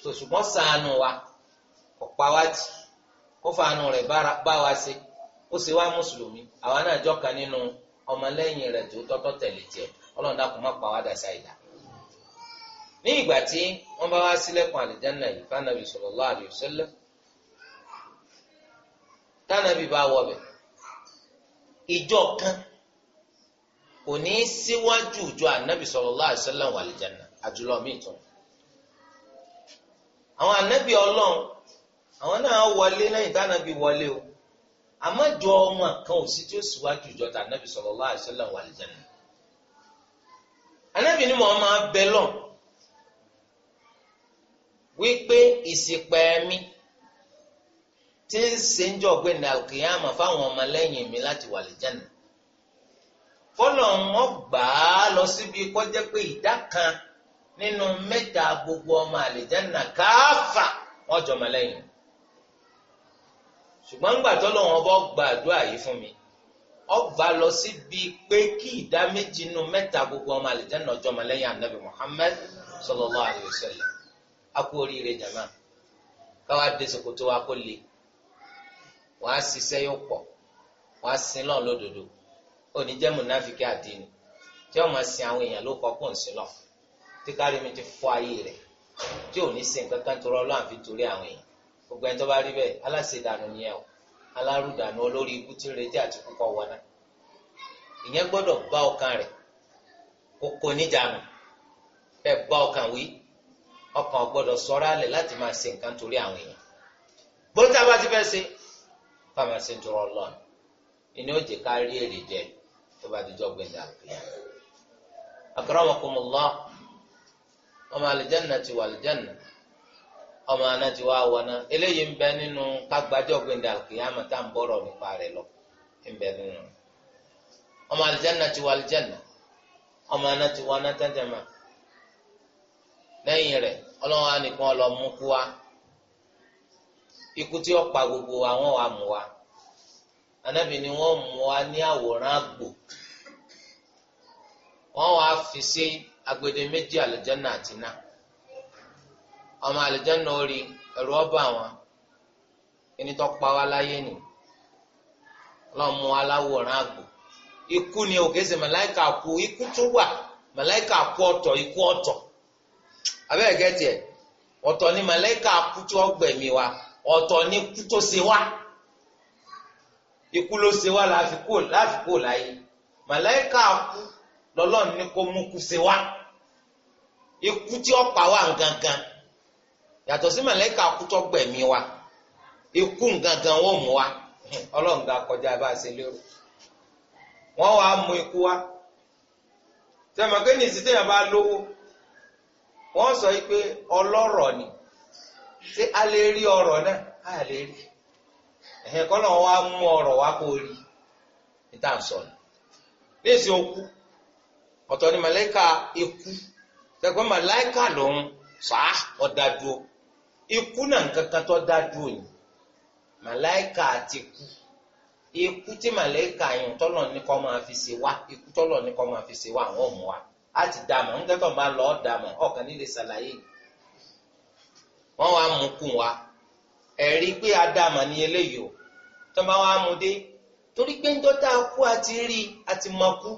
tòṣùgbọ́n sànù wa. ọ̀pá wa jì ó fàánù rẹ̀ bá wa ṣe ó ṣe wá mùsùlùmí àwa náà jọ kan nínú ọmọlẹ́yìn rẹ̀ tó tọ́tọ́ tẹ̀lé tiẹ̀ ọlọ́run dákun má pa wá dàṣà ìdá. ní ìgbà tí wọ́n bá wá sílẹ̀kùn àlìjáná yìí fanabi sallallahu alaihi wasallam tánàbí bá wọbẹ̀ ìjọ kan kò ní í síwájú ìjọ ànábì sallallahu alaihi wasallam wà àlìjáná àjùlọ míì tó. àwọn ànábì ọlọ́run àwọn náà wọlé lẹ́yìn tánàbí wọlé o àmọ́ jọ ọmọ kan ò sí tí ó síwájú ìjọ tànàbí sallallahu alaihi wasallam wà lìjẹnà anábì ni mo máa bẹ lọ wípé ìsìpẹ́ mi tí ń ṣe ń jọ pé nàìjíríà fáwọn ọmọlẹ́yìn mi láti wà lìjẹnà fọlọ wọn gbà á lọ síbi kọjá pé ìdá kan nínú mẹ́ta gbogbo ọmọ àlìjẹnà káfà wọn jọmọlẹ́yìn. ṣùgbọ́n ńgbà tó lọ́wọ́ bọ́ gbàdúrà yìí fún mi ọgbà lọ síbi pé kí ìdá méjì nu mẹ́ta gbogbo ọmọ àlìjáná ọjọ́ ọmọlẹ́yìn anabi Muhammad sallallahu alaihi wasallam akú oríire jama káwá dé sokoto wa kó le wàá ṣiṣẹ́ yóò pọ̀ wàá sin lọ́n lódodo oníjẹ́ múnáfíkì tí sin àwọn èèyàn ló kọ́ kó ń sin lọ tí kárí mi ti ayé rẹ̀ tí ò ní sin gbogbo ẹni tó bá rí bẹ́ẹ̀ aláṣẹdànù ni ẹ o alárùdànù olórí ikú tí ń retí àti púpọ̀ wọnà ìyẹn gbọ́dọ̀ bá ọkàn rẹ̀ kókó níjànù ẹ bá ọkàn wí ọkàn gbọ́dọ̀ sọra lẹ láti máa ṣe nǹkan torí àwọn èèyàn gbọ́dọ̀ bá ti fẹ́ ṣe fáwọn ṣe ń tọrọ Ọlọ́run ìní ó jẹ ká rí èrè jẹ tó bá dijọ gbẹdà kìlá akramakumullah ọmọ alìjẹnà ti wà alìjẹnà ọmọ aná ti wá wọná eléyìí ń bẹ nínú kágbájọ gbẹndà kìyàmù tá à ń bọrọ nípa rẹ̀ lọ ń bẹ nínú ọmọ alìjẹnà ti wọ alìjẹnà ọmọ aná ti wọ aná tẹntẹmà lẹ́yìn rẹ̀ Ọlọ́run á nìkan lọ mú kú wa ikú tí ó pa gbogbo àwọn wa mú wa anábì ni wọ́n mú wa ní àwòrán àgbò wọ́n wàá fi sí agbede méjì alìjẹnà àti náà ọmọ àlùjànnà orí ẹ̀rù ọba wọn ẹni tó pa wá láyé ni ọlọ́run mú aláwòrán àgbò ikú ni òkè ṣe màláìka kú ikú tó wà màláìka kú ọ̀tọ̀ ikú ọ̀tọ̀ abẹ́rẹ́ gẹ́tì ẹ̀ ọ̀tọ̀ ni màláìka kú tó gbẹ̀mí wa ọ̀tọ̀ ni kú tó ṣe wá ikú ló ṣe wá láfikò láfikò láyé màláìka kú lọ́lọ́run ní mú kú ṣe wá ikú tí ó pa wá yàtọ̀ sí mọ̀lẹ́kà kútọ́ gbẹ̀mí wa ikú gangan wọ́n wa ọlọ́run ga kọjá bá a ṣe lérò wọ́n wàá mú ikú wa bá lówó wọ́n sọ pé ọlọ́rọ̀ ni ṣé a lè rí ọrọ̀ a lè rí ẹ̀hẹ́ kọ́nà wa mú ọrọ̀ wa kó rí níta sọ̀nù ní ìsìn okú ọ̀tọ̀ ni mọ̀lẹ́kà ikú mọ̀lẹ́kà lòun ikú náà nǹkan kan tó dájú òní màláìka àti ikú ikú tí màláìka yìí tọ́lọ̀ ní kọ́ máa fi ṣe wá ikú tọ́lọ̀ ní kọ́ máa fi ṣe wá àwọn ọmọ wa á ti dà mọ̀ nígbà tó ń bá lọ́ọ́ dà mọ̀ ọ̀kan nílé ṣàlàyé wọ́n wá mú kù wá ẹ̀rí pé adàmọ̀ ní eléyìí o tó bá wá mú dé torí pé ń dọ́tà kú àti rí àti mọ̀ kú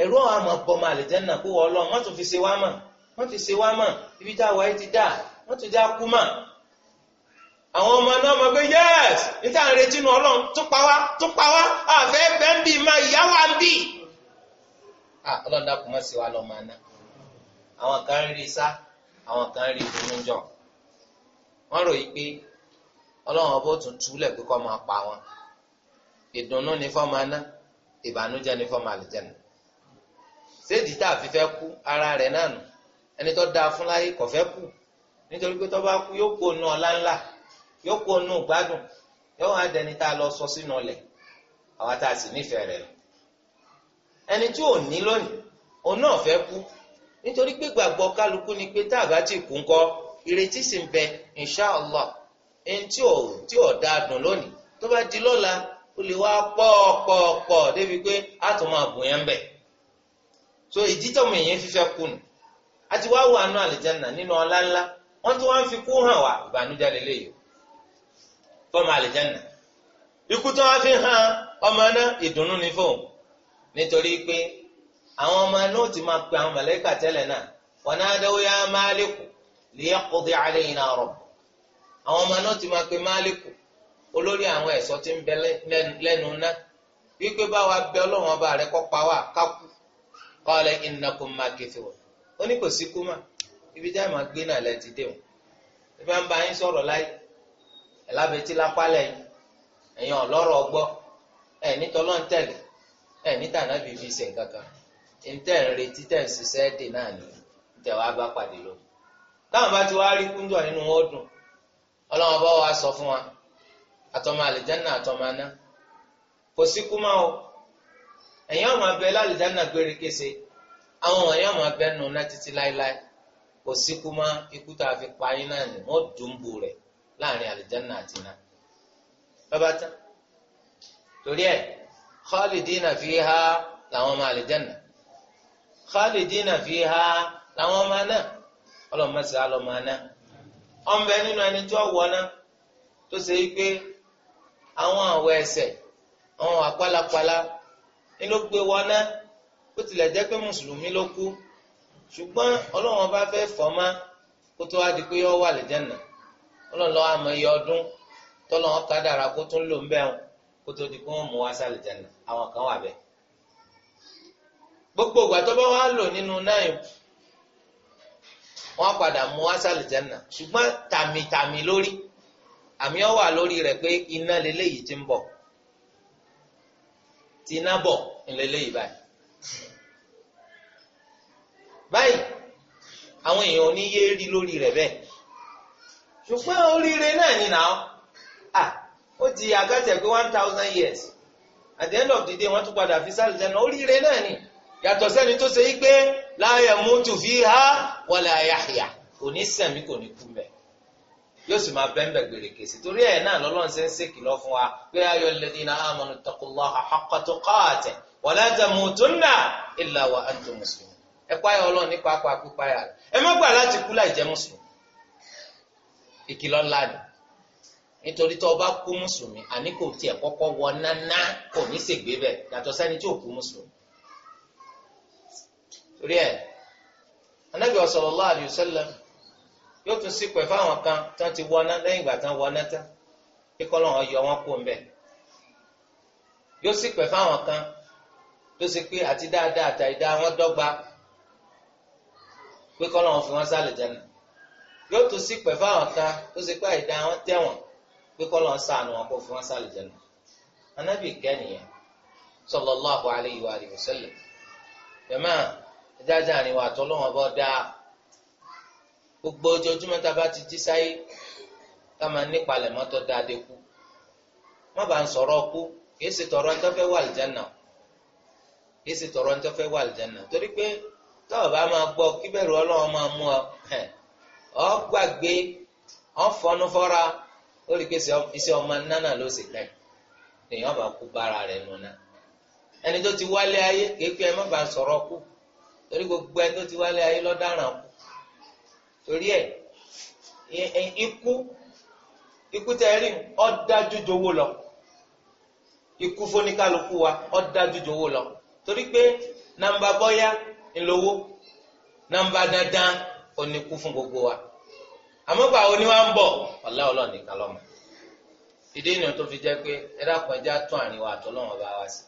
ẹ̀rú àwọn àmọ̀ bọ́mọ àlìjẹ́ nà kó wọ́ ọlọ́run wọ́n tún fi ṣe wá mọ̀ wọ́n ti ṣe wá mọ̀ ibi tá a wáyé ti dáa wọ́n ti já kú mà àwọn ọmọ náà mọ̀ pé yẹ́s níta ń retí nu ọlọ́run tó pa wá tó pa wá àfẹ́ bẹ́ ń bì máa ìyá wa ń bì. ọlọ́run dákun mọ́ sí wa lọ́ọ́ máa ná àwọn kan ń rí sá àwọn kan ń rí ìdùnnú jọ wọ́n ròyìn pé ọlọ́run ọbọ̀ tún túlẹ̀ pé kọ́ máa pa wọn ìdùnnú ni fọ́ máa ná ìbànújẹ́ ni fọ́ máa lè jẹ́nu séèdì tá a fi fẹ́ kú ara rẹ̀ náà nù ẹni tó dáa fún láyé kò fẹ́ kú nítorí pé tó bá kú yóò kó nù ọ̀la ńlá yóò kó nù gbádùn yóò wá dẹni tá a lọ sọ sínú ọlẹ̀ àwa tá a sì nífẹ̀ẹ́ rẹ̀ ẹni tí ò ní lónìí òun náà fẹ́ kú nítorí pé gbàgbọ́ kálukú ni pé tá a bá ti kú ńkọ́ ìrètí sì ń bẹ inṣàlá ẹni tí ò dáa dùn lónìí tó di lọ́la ó lè wá pọ̀ọ̀pọ̀ọ̀pọ̀ débi pé a tún máa bù yẹn bẹ̀ so ìdí tọ́mọ èèyàn fífẹ́ kú nù àti wá wà nù àlìjáná nínú ọlá ńlá wọ́n tún wá ń fi kú hàn wá ìbànújẹ́ lélẹ́yìí fọ́ọ̀mù àlìjẹ́nà ikú tó fi hàn ọmọ náà ìdùnnú ní fóun nítorí pé àwọn ọmọ náà ti máa pe àwọn màláíkà tẹ́lẹ̀ náà wọn náà dáwọ́ yá máàlíkù àwọn ọmọ náà ti máa pe máàlíkù olórí àwọn ẹ̀ṣọ́ ti ń bẹ lẹ́nu náà wípé bẹ ọba rẹ kọ́ pa wá ibi tí a máa gbé náà lẹ ti dé o ibi à ń bá yín sọ̀rọ̀ láyé ẹ̀ lábẹ́tí lápá lẹ́yìn ẹ̀yin ọ̀lọ́rọ̀ ọgbọ́ ẹ̀ nítọ́lọ́ ń tẹ̀lé ẹ̀ níta náà fi ṣe nǹkan kan ń retí tẹ̀ ń ṣiṣẹ́ dè náà ni tẹ̀ wá bá pàdé lọ. táwọn bá ti wá rí kúndùn nínú wọn dùn ọlọ́wọ́n bá wa sọ fún wa àtọmọ àlìjánà àtọmọ aná kò sí kú máa o ẹ̀yin ọmọ abẹ lálìjánà gbére kése àwọn ọ̀yàn ọmọ abẹ nù náà títí láéláé kò síkú má ikú tá a fi pa yín náà ni wọ́n dùn bù rẹ̀ láàrin àlìjáná àti iná bàbá tán torí ẹ̀ khalidina fiha làwọn ọmọ àlìjáná khalidina fiha làwọn ọmọ náà ọlọmọsí alọmọ náà ọmọbẹ nínú ẹni tí wọ́n wọ náà tó ṣe é pé àwọn àwọ̀ ẹsẹ̀ àwọn àpálapàla ni gbé wọ náà ó tilẹ̀ jẹ́ pé mùsùlùmí ló kú ṣùgbọ́n ọlọ́run bá fẹ́ fọ́má kó tó wá di pé ó wà lẹ́jẹ̀nà ọlọ́run lọ́wọ́ àmọ́ iye ọdún tọ́lọ́run ká dára kó tún lò ń bẹ̀ wọn kó tó di pé wọ́n mú wá sálẹ̀ jẹ̀nà àwọn kan wà bẹ́ẹ̀. gbogbo ìgbà tó bá wá lò nínú náà wọ́n padà mú wá sálẹ̀ jẹ̀nà ṣùgbọ́n tàmìtàmì lórí àmì ọ wà lórí rẹ̀ pé iná leléyìí ti ń bọ̀ tí iná bọ̀ ń báyìí báyìí àwọn èèyàn ní yé rí lórí rẹ̀ bẹ́ẹ̀ ṣùgbọ́n oríire náà ni nà ó à ó di àgàtẹ̀ pé one thousand years at the end of the day wọ́n tún padà fi sáré jẹ́ náà oríire náà ni yàtọ̀ sẹ́ni tó ṣe yí pé láyà mútu fi há wọlé àyàhìyà kò ní sẹ̀mí kò ní kú mẹ́ yóò sì máa bẹ́ẹ̀ bẹ́ẹ̀ gbèrèkè sí torí ẹ̀ náà lọ́lọ́run ṣe ń ṣèkìlọ̀ fún wa pé ayọ̀ alladhina amanu taqullaha haqqa tuqatihi wa la tamutunna illa wa antum muslimun ẹ páyà ọlọ́run nípa apá pípáyà rẹ̀ ẹ má gbà láti kú láì jẹ́ mùsùlùmí ìkìlọ̀ ńlá ni nítorí tó o bá kú mùsùlùmí àní kò tiẹ̀ kọ́kọ́ wọ náná kò ní ṣègbé bẹ̀ yàtọ̀ sẹ́ni tí ò kú mùsùlùmí torí ẹ̀ anábì sallallahu alayhi wa sallam yóò tún sí pẹ̀ fáwọn kan tán ti wọná lẹ́yìn ìgbà tán wọná tán kí yóò sì pẹ̀ fáwọn kan tó ṣe pé àti dáadáa àtàìdá wọn dọ́gba pé kọ́ lọ́wọ́ fi wọ́n sálẹ̀ jẹ́nà yóò tún sí pẹ̀ fáwọn kan tó ṣe pé àìdá wọn tẹ̀wọ̀n pé kọ́ lọ́wọ́ sànù wọn kó fi wọ́n sálẹ̀ jẹ́nà anábì kẹ́nìyàn sallallahu alayhi wa alihi wa ìdájà ni wà bọ́ gbogbo ojoojúmọ́ tá a bá ti jí sáyé ká máa nípalẹ̀ mọ́tò dáadé kú má ń tó o bá máa gbọ́ kí ọlọ́run máa ọ ọ gbàgbé ọ fọnú fọ́ra ó rí i pé iṣẹ́ ọmọ nánà ló sì pẹ́ èèyàn bá kú bára rẹ̀ ẹni tó ti wálé ayé kéèké ẹ má bàa sọ̀rọ̀ kú torí gbogbo ẹni tó ti wálé ayé kú torí ẹ ikú ikú tẹ ẹ rí lọ ikú fóníkálukú wa ọ dájú jowó ńlówó nọ́mbà dandan oníkú fún gbogbo wa àmọ́ gbà ń bọ̀ ọ̀la ọlọ́ọ̀ nìkan lọ́mọ ìdí tó fi jẹ́ pé ẹ dákun àtún àríwá àtọ́lọ́wọ́n bá wá sí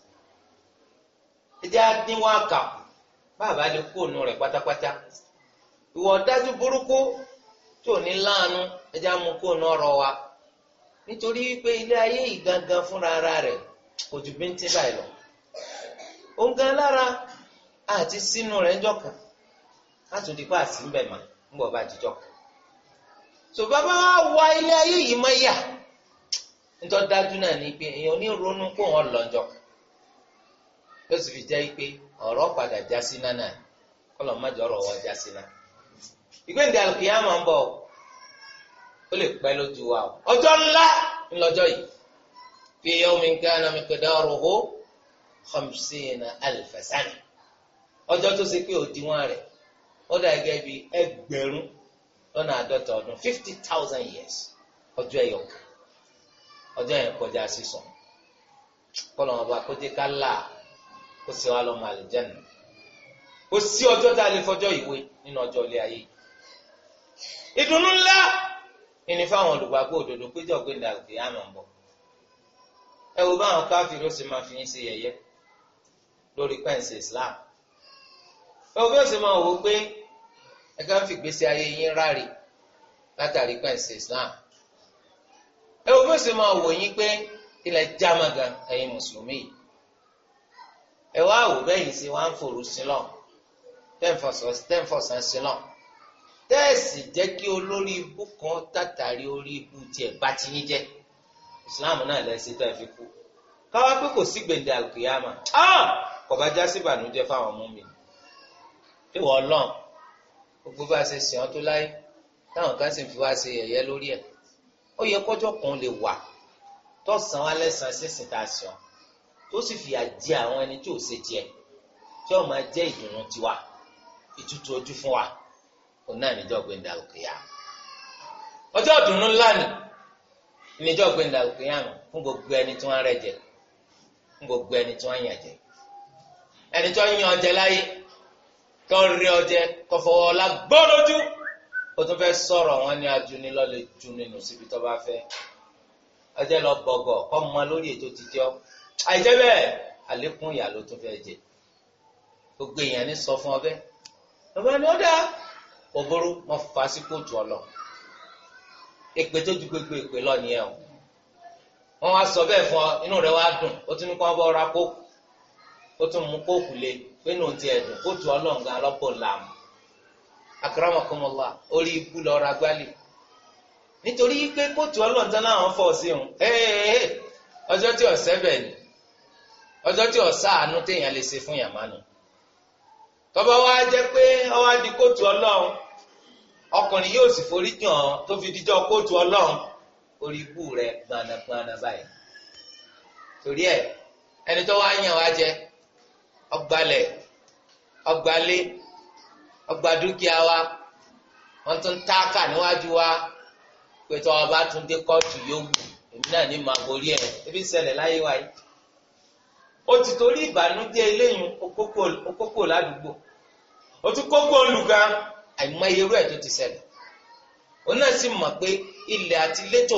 ẹjẹ́ àdínwó àkàkù bàbá lè kó pátápátá dájú wa nítorí pé ilé ayé fúnra ara rẹ̀ kò ju báyìí àti sínú rẹ̀ ńjọ́ kan láti di pa àti ńbẹ̀ mà ńbọ̀ bá jíjọ́ kan. tó bàbá wa wá ilé ayé yìí mọ́ yà nítorí dájú náà ni pé èèyàn ní kó wọn lọ ńjọ́ yóò sì fi jẹ́ pé ọ̀rọ̀ padà já sí náà náà kọ́lọ̀ ọ̀rọ̀ wọn já sí náà. ń bọ̀ ọjọ́ tó ṣe pé òdiwọ̀n rẹ̀ ó dà gẹ́gẹ́ bí ẹgbẹ̀rún lọ́nà àádọ́ta ọdún fifty thousand years ọjọ́ ẹ̀yọ̀ kan ọjọ́ yẹn kọjá sísọ kọ́nà ọba kó dé ká là kó sì wá lọ́mọ àlùjẹ́nu kò sí ọjọ́ tá a lè fọjọ́ ìwé nínú ọjọ́ ilé ayé ìdùnnú ńlá ìní fáwọn olùgbàgbọ́ òdodo péjọ pé ndàgbé àmọ̀ ń bọ̀ ẹ wo báwọn káfíìrì ó sì máa fi ń ṣe yẹ̀yẹ́ lórí pẹ́ǹsì Islam ẹ̀wọ̀n bí ó sì máa wò ó pé ẹ kàn fi gbèsè ayé yín ráre látàrí pẹ̀sì Islam ẹ̀wọ̀n bí ó sì máa wò yín pé ilẹ̀ jámagan ẹ̀yin mùsùlùmí yìí ẹ̀wọ̀n àwò bẹ́yìn sí wọ́n á ń fòrò sílọ̀ tẹ́ǹfọ̀sán sílọ̀ tẹ́ẹ̀sì jẹ́ kí olórí ibú kan tàtàrí orí ibú tiẹ̀ bá ti yín jẹ́ Islam náà lẹ́sìn tẹ́ fi kú káwá pé kò sí gbèǹde àlùkìyàmà kò bá já sí ìbànújẹ́ fáwọn mú mi ìwọ Ọlọ́run gbogbo bá a ṣe sìn ọ́ tó láyé táwọn kan sì fi wá ṣe yẹ̀yẹ́ lórí ẹ̀ ó yẹ kọ́jọ́ kan lè wà tọ̀sán alẹ́sàn sísìn tá a sìn tó sì fìyà jẹ àwọn ẹni tí ò ṣe tiẹ̀ tí ó máa jẹ́ ìdùnnú tiwa ìtutù ojú fún wa òun náà níjọ́ gbẹ̀ndà òkèèyà ọjọ́ ìdùnnú ńlá ni níjọ́ gbẹ̀ndà òkèèyà fún gbogbo ẹni tí wọ́n rẹ̀ jẹ fún gbogbo ẹni tí wọ́n yàn jẹ ẹni tí wọ́n yàn jẹ láyé kàn rí ọjẹ kò fọwọ́ ọ̀la gbọ́ lójú ó tún fẹ́ sọ̀rọ̀ wọn ní ajunilọ́lẹ̀ ju nínú síbi tó bá fẹ́ ọjẹ́ lọ gbọ̀gbọ̀ kọ́ mọ lórí ètò títí ọ àìjẹ́ bẹ́ẹ̀ àlékún ìyà ló tún fẹ́ jẹ gbogbo èèyàn ní sọ fún ọ bẹ́ẹ̀ ni ó dáa òbúrú wọn fà á sí kóòtù ọlọ èpè tó ju gbogbo èpè lọ nìyẹn o wọn wá sọ bẹ́ẹ̀ fún ọ inú rẹ wá dùn ó tún ní kó wọn bọ ra ó tún mú kóòkù lé pínu tiẹ̀ dùn kó tu lọ́pọ̀ làmù akramakumullah orí ikú lọ́ra gbálẹ̀ nítorí pé kó tu ọlọ́run tán fọ́ sí òun ọjọ́ tí ọ̀sẹ́ ni ọjọ́ tí ọ̀sá téèyàn lè ṣe fún yàmánu tọ́ba wa jẹ́ pé ọwọ́ adi kóòtù ọlọ́run ọkùnrin yóò sì forí jàn án tó fi díjọ́ kóòtù ọlọ́run orí ikú rẹ̀ gbanagbana báyìí torí ẹ ẹni tó wá yàn wá jẹ ọgbàlé ọgbà wa tún táàkà níwájú wa pé tí tún dé kóòtù yóò èmi náà ní màá borí ẹ̀ ebi láyé o ti torí ìbànújẹ́ eléyìí okókó ládùúgbò o ti kókó olùgá irú tó ti o náà sì mọ̀ pé àti ilé tó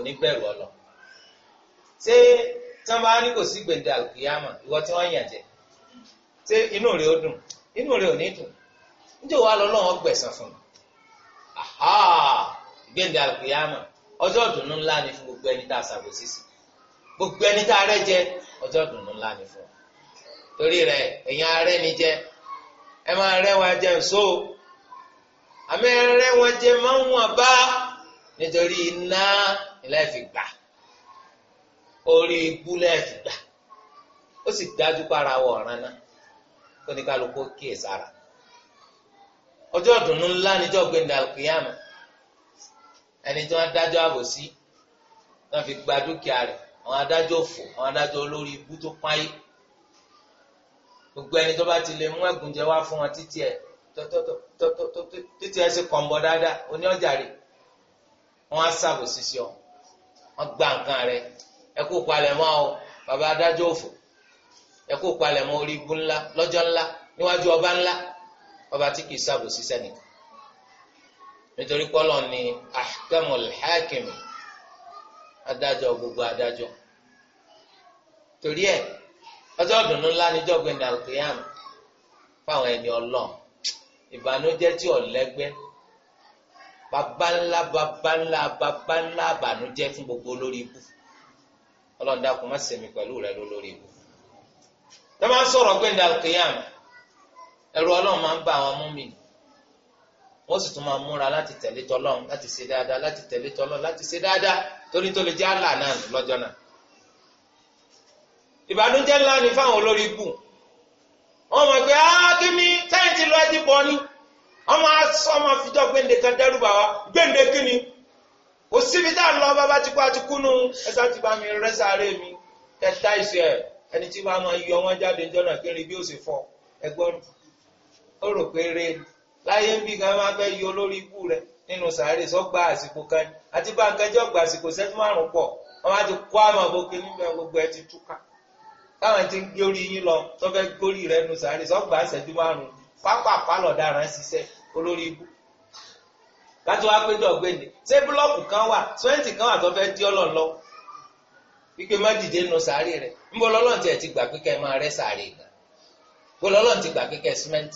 ń tó ń tí wọ́n bá ní kò sí gbèǹde àlùkìyàmà ìwọ tí o yàn jẹ ṣé inú rẹ̀ ó dùn inú rẹ̀ ò ní dùn níjẹ́ wàá lọ́lọ́wọ́ gbẹ̀sán fún mi ọjọ́ ńlá ni fún gbogbo ẹni tá gbogbo ẹni tá a jẹ ńlá ni fún torí ni jẹ ẹ máa wọn jẹ àmì wọn jẹ máa orí búlẹ̀tì gbà ó sì dájú para wọ ọ̀ràn náà kó ní kálukú kíyè sára ọjọ́ ìdùnnú ńlá níjọ́ gbẹ̀ndà kìyàmù ẹni tí wọ́n dájọ́ àbòsí náà fi gba dúkìá rẹ̀ àwọn adájọ́ òfò àwọn adájọ́ olórí ibú tó páyé gbogbo ẹni tó bá ti lè mú ẹ̀gúnjẹ wá fún wọn títí ẹ̀ títí ẹ̀ sì kọ̀ǹbọ̀ dáadáa oní rẹ̀ wọ́n á ṣàbòsí sí ọ wọ́n gba nǹkan rẹ̀ ẹ kú palẹ̀mọ́ o bàbá adájọ́ òfò ẹ kú orí ńlá lọ́jọ́ ọba ńlá ọba tí kìí sábò sí sẹ́ni nítorí pọ́lọ̀ ni ahkamul hakim adájọ́ gbogbo adájọ́ torí ẹ ọjọ́ ọ̀dùnnú ńlá níjọ́ gbẹ̀ndà alqiyam fáwọn ẹni ọlọ́ọ̀ ìbànújẹ́ tí ọ̀lẹ́gbẹ́ baba fún gbogbo olórí ọlọ́run dákun má ṣèmi pẹ̀lú rẹ lólórí ibù tó máa ń sọ̀rọ̀ gbẹ̀ndà kéyàm ẹ̀rù ọlọ́run máa ń bá àwọn múmi wọ́n sì tún máa múra láti tẹ̀lé tọ́lọ́run láti ṣe dáadáa láti tẹ̀lé tọ́lọ́run láti ṣe dáadáa torí tó lè jẹ́ àlà náà lọ́jọ́ náà ìbànújẹ́ ńlá ni fáwọn olórí ibù wọ́n mọ̀ pé ákíní táyì ti lọ ẹdí ni wọ́n máa sọ ọmọ fìjọ gbẹ̀ndé kan dẹ́rù bà wá gbẹ̀ndé kíni kò síbi tá à lọ bàbá tí kò àti kúnnú ẹsẹ àti bá mi rẹsàárẹ mi kẹta ìṣe ẹ ẹni tí wàá máa yọ wọn jáde jọnà kiri bí fọ ẹgbọn ó rò pé rè láyé ń bí rẹ nínú sàárè àsìkò kan àti bá akẹjọ àsìkò márùn pọ wọn ti kó gbogbo ẹ ti káwọn ti ń orí yín lọ tó gbórí rẹ nínú sàárè márùn pápá láti wá pé dọ̀gbẹ́ni ṣé búlọ́ọ̀kù kan wà sọ́yìntì kan wà tó fẹ́ dí ọlọ́run lọ má dìde nù sàárè rẹ̀ ti gbà pé máa rẹ́ sàárè ti gbà pé kẹ́ rẹ̀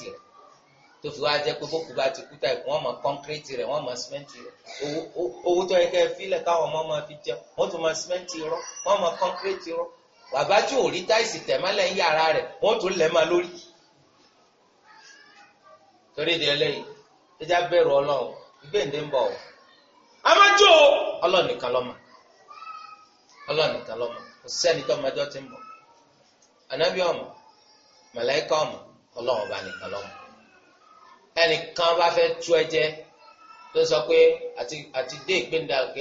tó fi wá jẹ́ pé bá ti kú táì wọ́n mọ kọ́ńkírẹ́tì rẹ̀ wọ́n mọ símẹ́ǹtì rẹ̀ owó tó yẹ kẹ́ káwọn ọmọ máa fi jẹun wọ́n tún mọ rọ́ wọ́n mọ kọ́ńkírẹ́tì rọ́ bàbá tí ò rí táìsì ń yàrá ìgbéǹde ń bọ̀ o amájò ọlọ́nìkan lọ́mọ ọlọ́nìkan lọ́mọ kò sẹ́ni tó ọmọdé ti ń bọ̀ ànábì ọmọ màláíkà ọmọ ọlọ́wọ́n bá nìkan lọ́mọ ẹnìkan bá fẹ́ tú tó sọ pé àti dé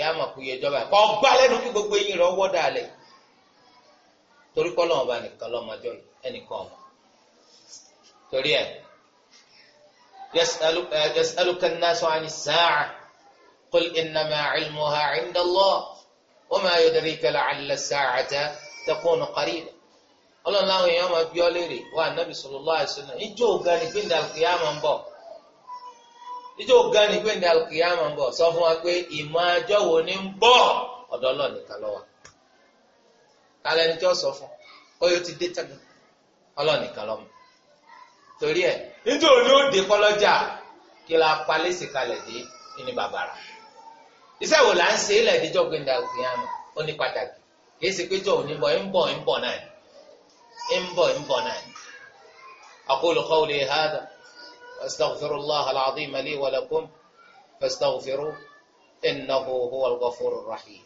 àmọ̀ yẹ ìjọba gbá lẹ́nu kí gbogbo eyín rẹ̀ torí kọ́ bá nìkan lọ́mọdé يسألك الناس عن الساعة قل إنما علمها عند الله وما يدريك لعل الساعة تكون قريبا ọlọ́run láwọn èèyàn máa bí ọ léèrè wà nábì sallallahu alaihi wasallam ìjọ ògan ni gbẹ̀ndẹ̀ alùkìyàmà ń bọ̀ ìjọ ògan ni gbẹ̀ndẹ̀ alùkìyàmà ń bọ̀ sọ fún wa pé ìmọ̀ ajọ́ wo ni ń bọ̀ ọ̀dọ̀ ọlọ́run nìkan lọ́wọ́ kálẹ̀ ní tí ó sọ fún ọ yóò ti dé tẹ́lẹ̀ ọlọ́run nìkan lọ́mọ torí ẹ̀ nítorí òde kọlọ́jà kí la palẹ́ sí kalẹ̀ dé ní bàbàrà iṣẹ́ wo la ń ṣe é lẹ́ẹ̀dẹ́jọ́ gbẹ̀ndà òkèèyàn ó ní pàtàkì kì í ṣe pé jọ̀ òní bọ̀ ń bọ̀ ń bọ̀ náà ń bọ̀ ń bọ̀ náà أقول قولي هذا وأستغفر الله العظيم لي ولكم فاستغفروه إنه هو الغفور الرحيم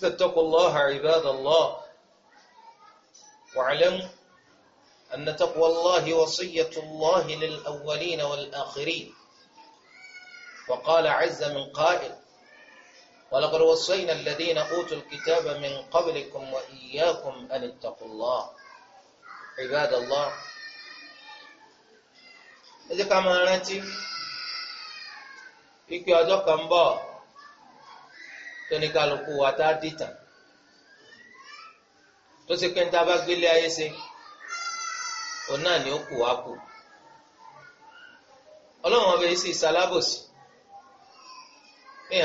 فاتقوا الله عباد الله واعلموا أن تقوى الله وصية الله للأولين والآخرين وقال عز من قائل ولقد وصينا الذين أوتوا الكتاب من قبلكم وإياكم أن اتقوا الله عباد الله إذا كما نتي إكي أدوكم بار tóníkàlùkù wa tá a dìtàn tó ṣe pé níta bá gbélé ayé ṣe òun náà ni ó kù wá kù ọlọ́run yìí sì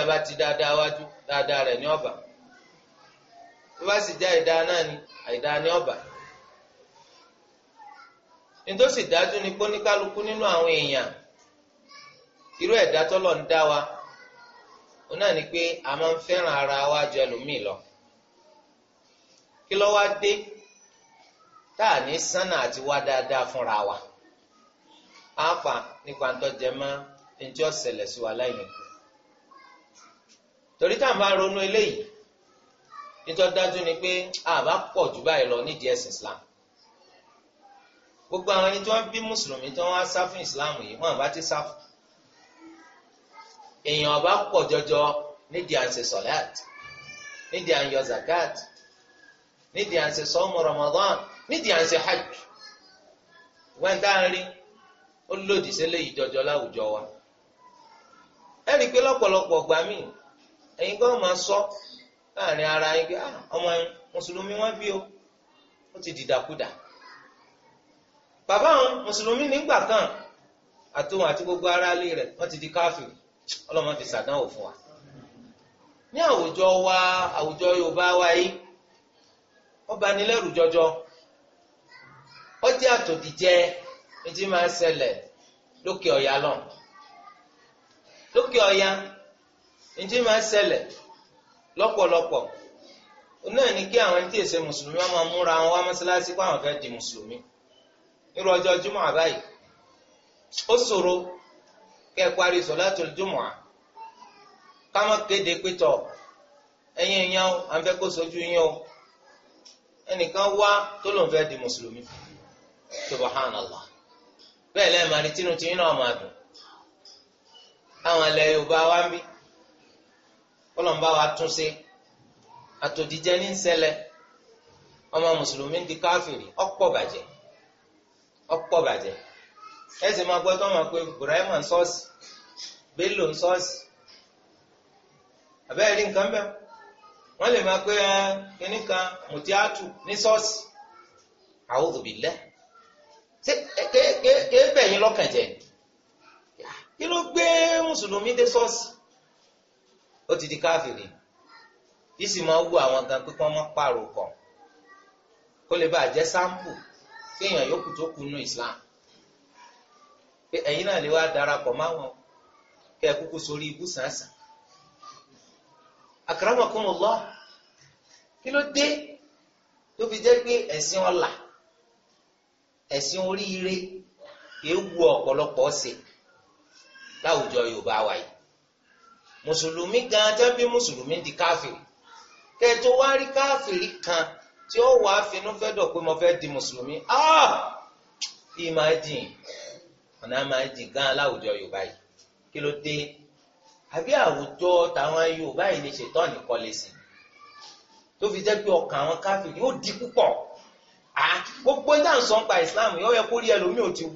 bá ti dáadáa wájú dáadáa rẹ̀ ní ọ̀bà tó bá sì jẹ́ àìdáa náà ni àìdáa ní ọ̀bà nínú àwọn èèyàn irú ẹ̀dá tọ́lọ̀ ń òun náà ni pé a máa ń fẹ́ràn ara wa ju ẹlòmíì lọ kí ló wá dé tá a ní sánà àti wá dáadáa fúnra wa á fà nípa ń tọ́jẹ mọ́ ẹjọ́ ṣẹlẹ̀ sí wa láìní torí tá a máa ronú eléyìí nítorí dájú ni pé a bá pọ̀ jù báyìí lọ nídìí ẹ̀sìn Islam gbogbo àwọn ẹni tí wọ́n bí mùsùlùmí tí wọ́n á sá fún Islam yìí wọ́n á ti sá fún un èèyàn ọba pọ̀ jọjọ nídìí à sọ̀láàt nídìí à zakat nídìí à sọ́mu Ramadan nídìí à ń ṣe hajj wọ́n dá ń rí ó lòdì sílé ìjọjọ láwùjọ wa ẹ rí i pé lọ́pọ̀lọpọ̀ gbà mí ẹ̀yin kan máa sọ láàrin ara yín pé ah, ọmọ mùsùlùmí wọn bí o ó ti dìdàkudà bàbá àwọn mùsùlùmí nígbà kan àtòun àti gbogbo aráalé rẹ̀ wọ́n ti di káfíìn ọlọ́mọ fi ṣàdánwò fún wa ní àwùjọ wa àwùjọ Yorùbá wa yìí ó bà ní lẹ́rù jọjọ ó jẹ́ àtòdìjẹ́ etí máa ṣẹlẹ̀ lókè ọ̀yà lọ lókè ọ̀yà etí máa ṣẹlẹ̀ lọ́pọ̀lọpọ̀ náà ní kí àwọn tí èsè mùsùlùmí wọn máa múra wọn wá mọ́sálásí kó àwọn fẹ́ di mùsùlùmí irú ọjọ́ Jímọ̀ àbáyé ó ṣòro kẹ́ so parí sọ̀látùl jumu'a ká má kéde pétọ̀ ẹ̀yin èèyàn o à ń fẹ́ kó sojú yín o ẹnìkan wá tó fẹ́ di mùsùlùmí subhanallah bẹ́ẹ̀ lẹ́ẹ̀ máa rí tínú tí yín náà àwọn ilẹ̀ Yorùbá wa ń bí wa tún ní di ọ̀pọ̀ ẹsẹ̀ máa gbọ́ tó máa pe Burahima ń sọ́ọ̀sì Bello ń sọ́ọ̀sì àbẹ́rẹ́ rí nǹkan bẹ́ẹ̀ wọ́n lè máa pe kínní kan mùtíátù ní sọ́ọ̀sì a'udhu billah kéé bẹ̀yìn lọ́kàn jẹ́ kí ló gbé mùsùlùmí dé sọ́ọ̀sì ó ti di káfìrí yìí sì máa wú àwọn gan pé kí wọ́n má pààrọ̀ kàn kó lè jẹ́ kéèyàn yókù Islam pé ẹ̀yin náà lè wá darapọ̀ máwọn kẹ́ ẹ kúkú sórí ibú sàǹsàn. akramakumullah kí ló dé tó fi jẹ́ pé ẹ̀sìn ọlà ẹ̀sìn oríire kìí wu ọ̀pọ̀lọpọ̀ ṣe láwùjọ Yorùbá wa yìí mùsùlùmí gan jábí mùsùlùmí di káfìrí kẹjọ wá rí káfìrí kan tí ó wàá finú fẹ́ dọ̀ pé mo fẹ́ di mùsùlùmí ah ìmájìn ọ̀nà máa jìn gan láwùjọ yorùbá yìí kí ló dé àbí àwùjọ tàwọn yorùbá yìí ni ṣètọ́ nìkan lè sìn tó fi jẹ́ pé ọkàn àwọn káfíìn yóò di púpọ̀ à gbogbo ní àǹsọ̀ ń pa islam yóò yẹ kó rí ẹlòmíì ò ti wù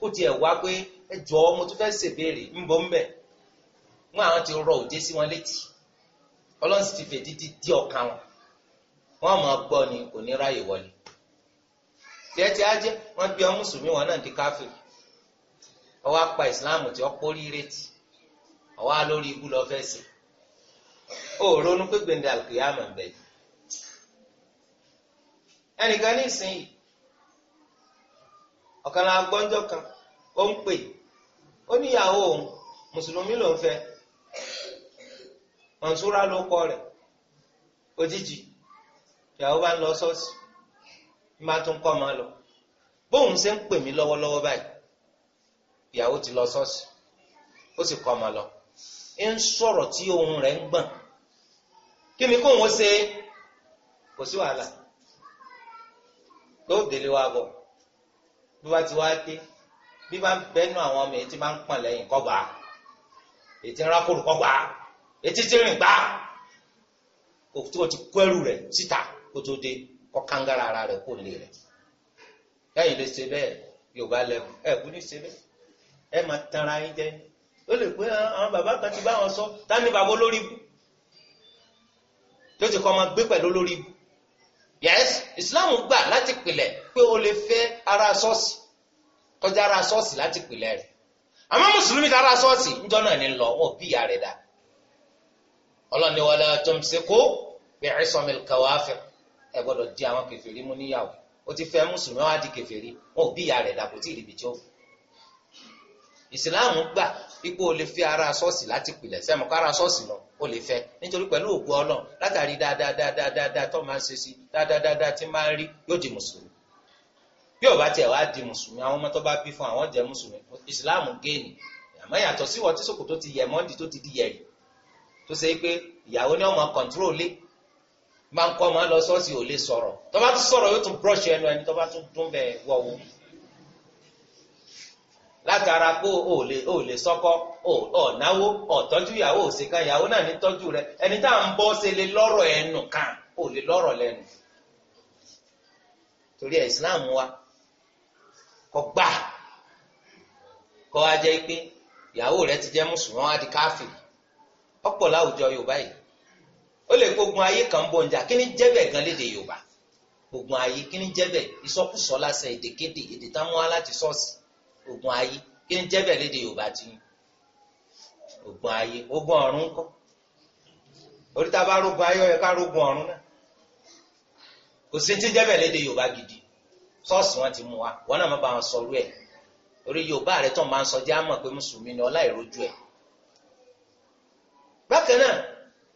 kó tiẹ̀ wá pé ẹ jọ̀ọ́ mo tún fẹ́ ṣèbéèrè ń bọ̀ ń bẹ̀ wọn àwọn ti rọ òjé sí wọn létí ọlọ́run sì ti fèdí ti dí ọkàn wọn wọn máa gbọ́ ni kò ní ráyè wọlé tiẹ̀ tí a jẹ́ wọ́n gbé ọ mùsùlùmí wọn náà di káfíìn ọwọ́ pa ìsìláàmù tí ó pórí retí ọwá lórí ikú lọ fẹ́ sí ó ronú pé gbèndé àlùkìyàmọ̀ ń bẹ yìí ẹnìkan ní ìsinyìí ọ̀kan la gbọ́njọ́ kan ó ń pè ó níyàwó òun mùsùlùmí ló ń fẹ́ mọ̀nsúra ló rẹ̀ òjijì ìyàwó bá ń lọ sọ́ọ̀sì ń ṣe ń pè mí lọ́wọ́lọ́wọ́ báyìí ìyàwó ti lọ ṣọ́ọ̀ṣì ó sì kọ́ ọmọ lọ ń sọ̀rọ̀ tí ohun rẹ̀ ń gbọ̀n kí ni kóun ó ṣe kò sí wàhálà tó délé wa bọ̀ bí wàá ti wá dé bí bá ń bẹ́nu àwọn ọmọ ètí máa ń pọ̀n lẹ́yìn kọ́gbà ètí rákòrò kọ́gbà ètí tí gbà kò tí ti kó ẹrù rẹ̀ síta kó tó dé kọ́ kángara ara rẹ̀ kó lè rẹ̀ lẹ́yìn lè ṣe bẹ́ẹ̀ Yorùbá lẹ́wọ̀n ẹ̀ kú ní ṣe bẹ́ẹ̀ ẹ máa tanra yín jẹ ó lè pé àwọn bàbá kan ti bá wọn sọ tani bàbá olórí ibú tó ti kọ́ máa gbé pẹ̀lú olórí ibú yes Islam gbà láti pìlẹ̀ pé o lè fẹ́ ara sọ́ọ̀sì kọjá ara sọ́ọ̀sì láti pìlẹ̀ rẹ̀ àmọ́ mùsùlùmí ti ara sọ́ọ̀sì ńjọ́ náà ni lọ wọn bí ìyá rẹ̀ dá ọlọ́ni wala tumsiku bi'isamil kawafir ẹ gbọ́dọ̀ di àwọn kèfèrí mú níyàwó o ti fẹ́ mùsùlùmí wá di kèfèrí wọn ò bí ìyá rẹ̀ dá kò tí ì ríbi tí ó fi ìsìláàmù gbà ipò o lè fi ara ṣọ́ọ̀ṣì láti pilẹ̀ sẹ́mu kó ara ṣọ́ọ̀ṣì lọ o lè fẹ́ nítorí pẹ̀lú ògùn ọlọ́run látàrí dáadáadáadáa tó máa ń ṣe sí dáadáadáa tí máa ń rí yóò di mùsùlùmí bí ó bá tiẹ̀ wá di mùsùlùmí àwọn ọmọ tó bá bí fún àwọn jẹ́ mùsùlùmí ìsìláàmù géènì àmọ́ yàtọ̀ sí wọ́n tí sòkòtò ti yẹ mọ́ndì tó ti di yẹ̀rì tó ṣe pé ìyàwó ni látara pé o lè o lè sọkọ o ọ̀náwó ọ̀tọ́jú ìyàwó òsìkan ìyàwó náà ní tọ́jú rẹ ẹni tá à ń bọ́ ṣe lè lọ́rọ̀ ẹnu kan o lè lọ́rọ̀ lẹ́nu torí ẹ̀ Islam wa kọ gbà kọ́ wa jẹ́ pé ìyàwó rẹ ti jẹ́ mùsùlùmí wọn di káfírì ọ̀pọ̀ láwùjọ Yorùbá yìí ó lè gbógun ayé kan bọ̀ njà kí ni jẹ́bẹ̀ gan léde Yorùbá gbógun ayé kí ni jẹ́bẹ̀ ìsọkúsọ lásán èdèkéde èdè tá mú wá láti ṣọ́ọ̀ṣì ogun ayé kí ni jẹ́ bẹ́ẹ̀ léde yorùbá ti yín ogun ayé ogun ọ̀run kọ́ oríta bá rogun ayé ọ̀yẹ́ ká rogun ọ̀run náà kò sí ti jẹ́ bẹ́ẹ̀ léde yorùbá gidi sọ́ọ̀sì wọn ti mú wa wọn náà má bá wọn sọrú ẹ̀ orí yorùbá rẹ tó máa ń sọ jẹ́ àmọ̀ pé mùsùlùmí ni ọlá ẹ̀ bákan náà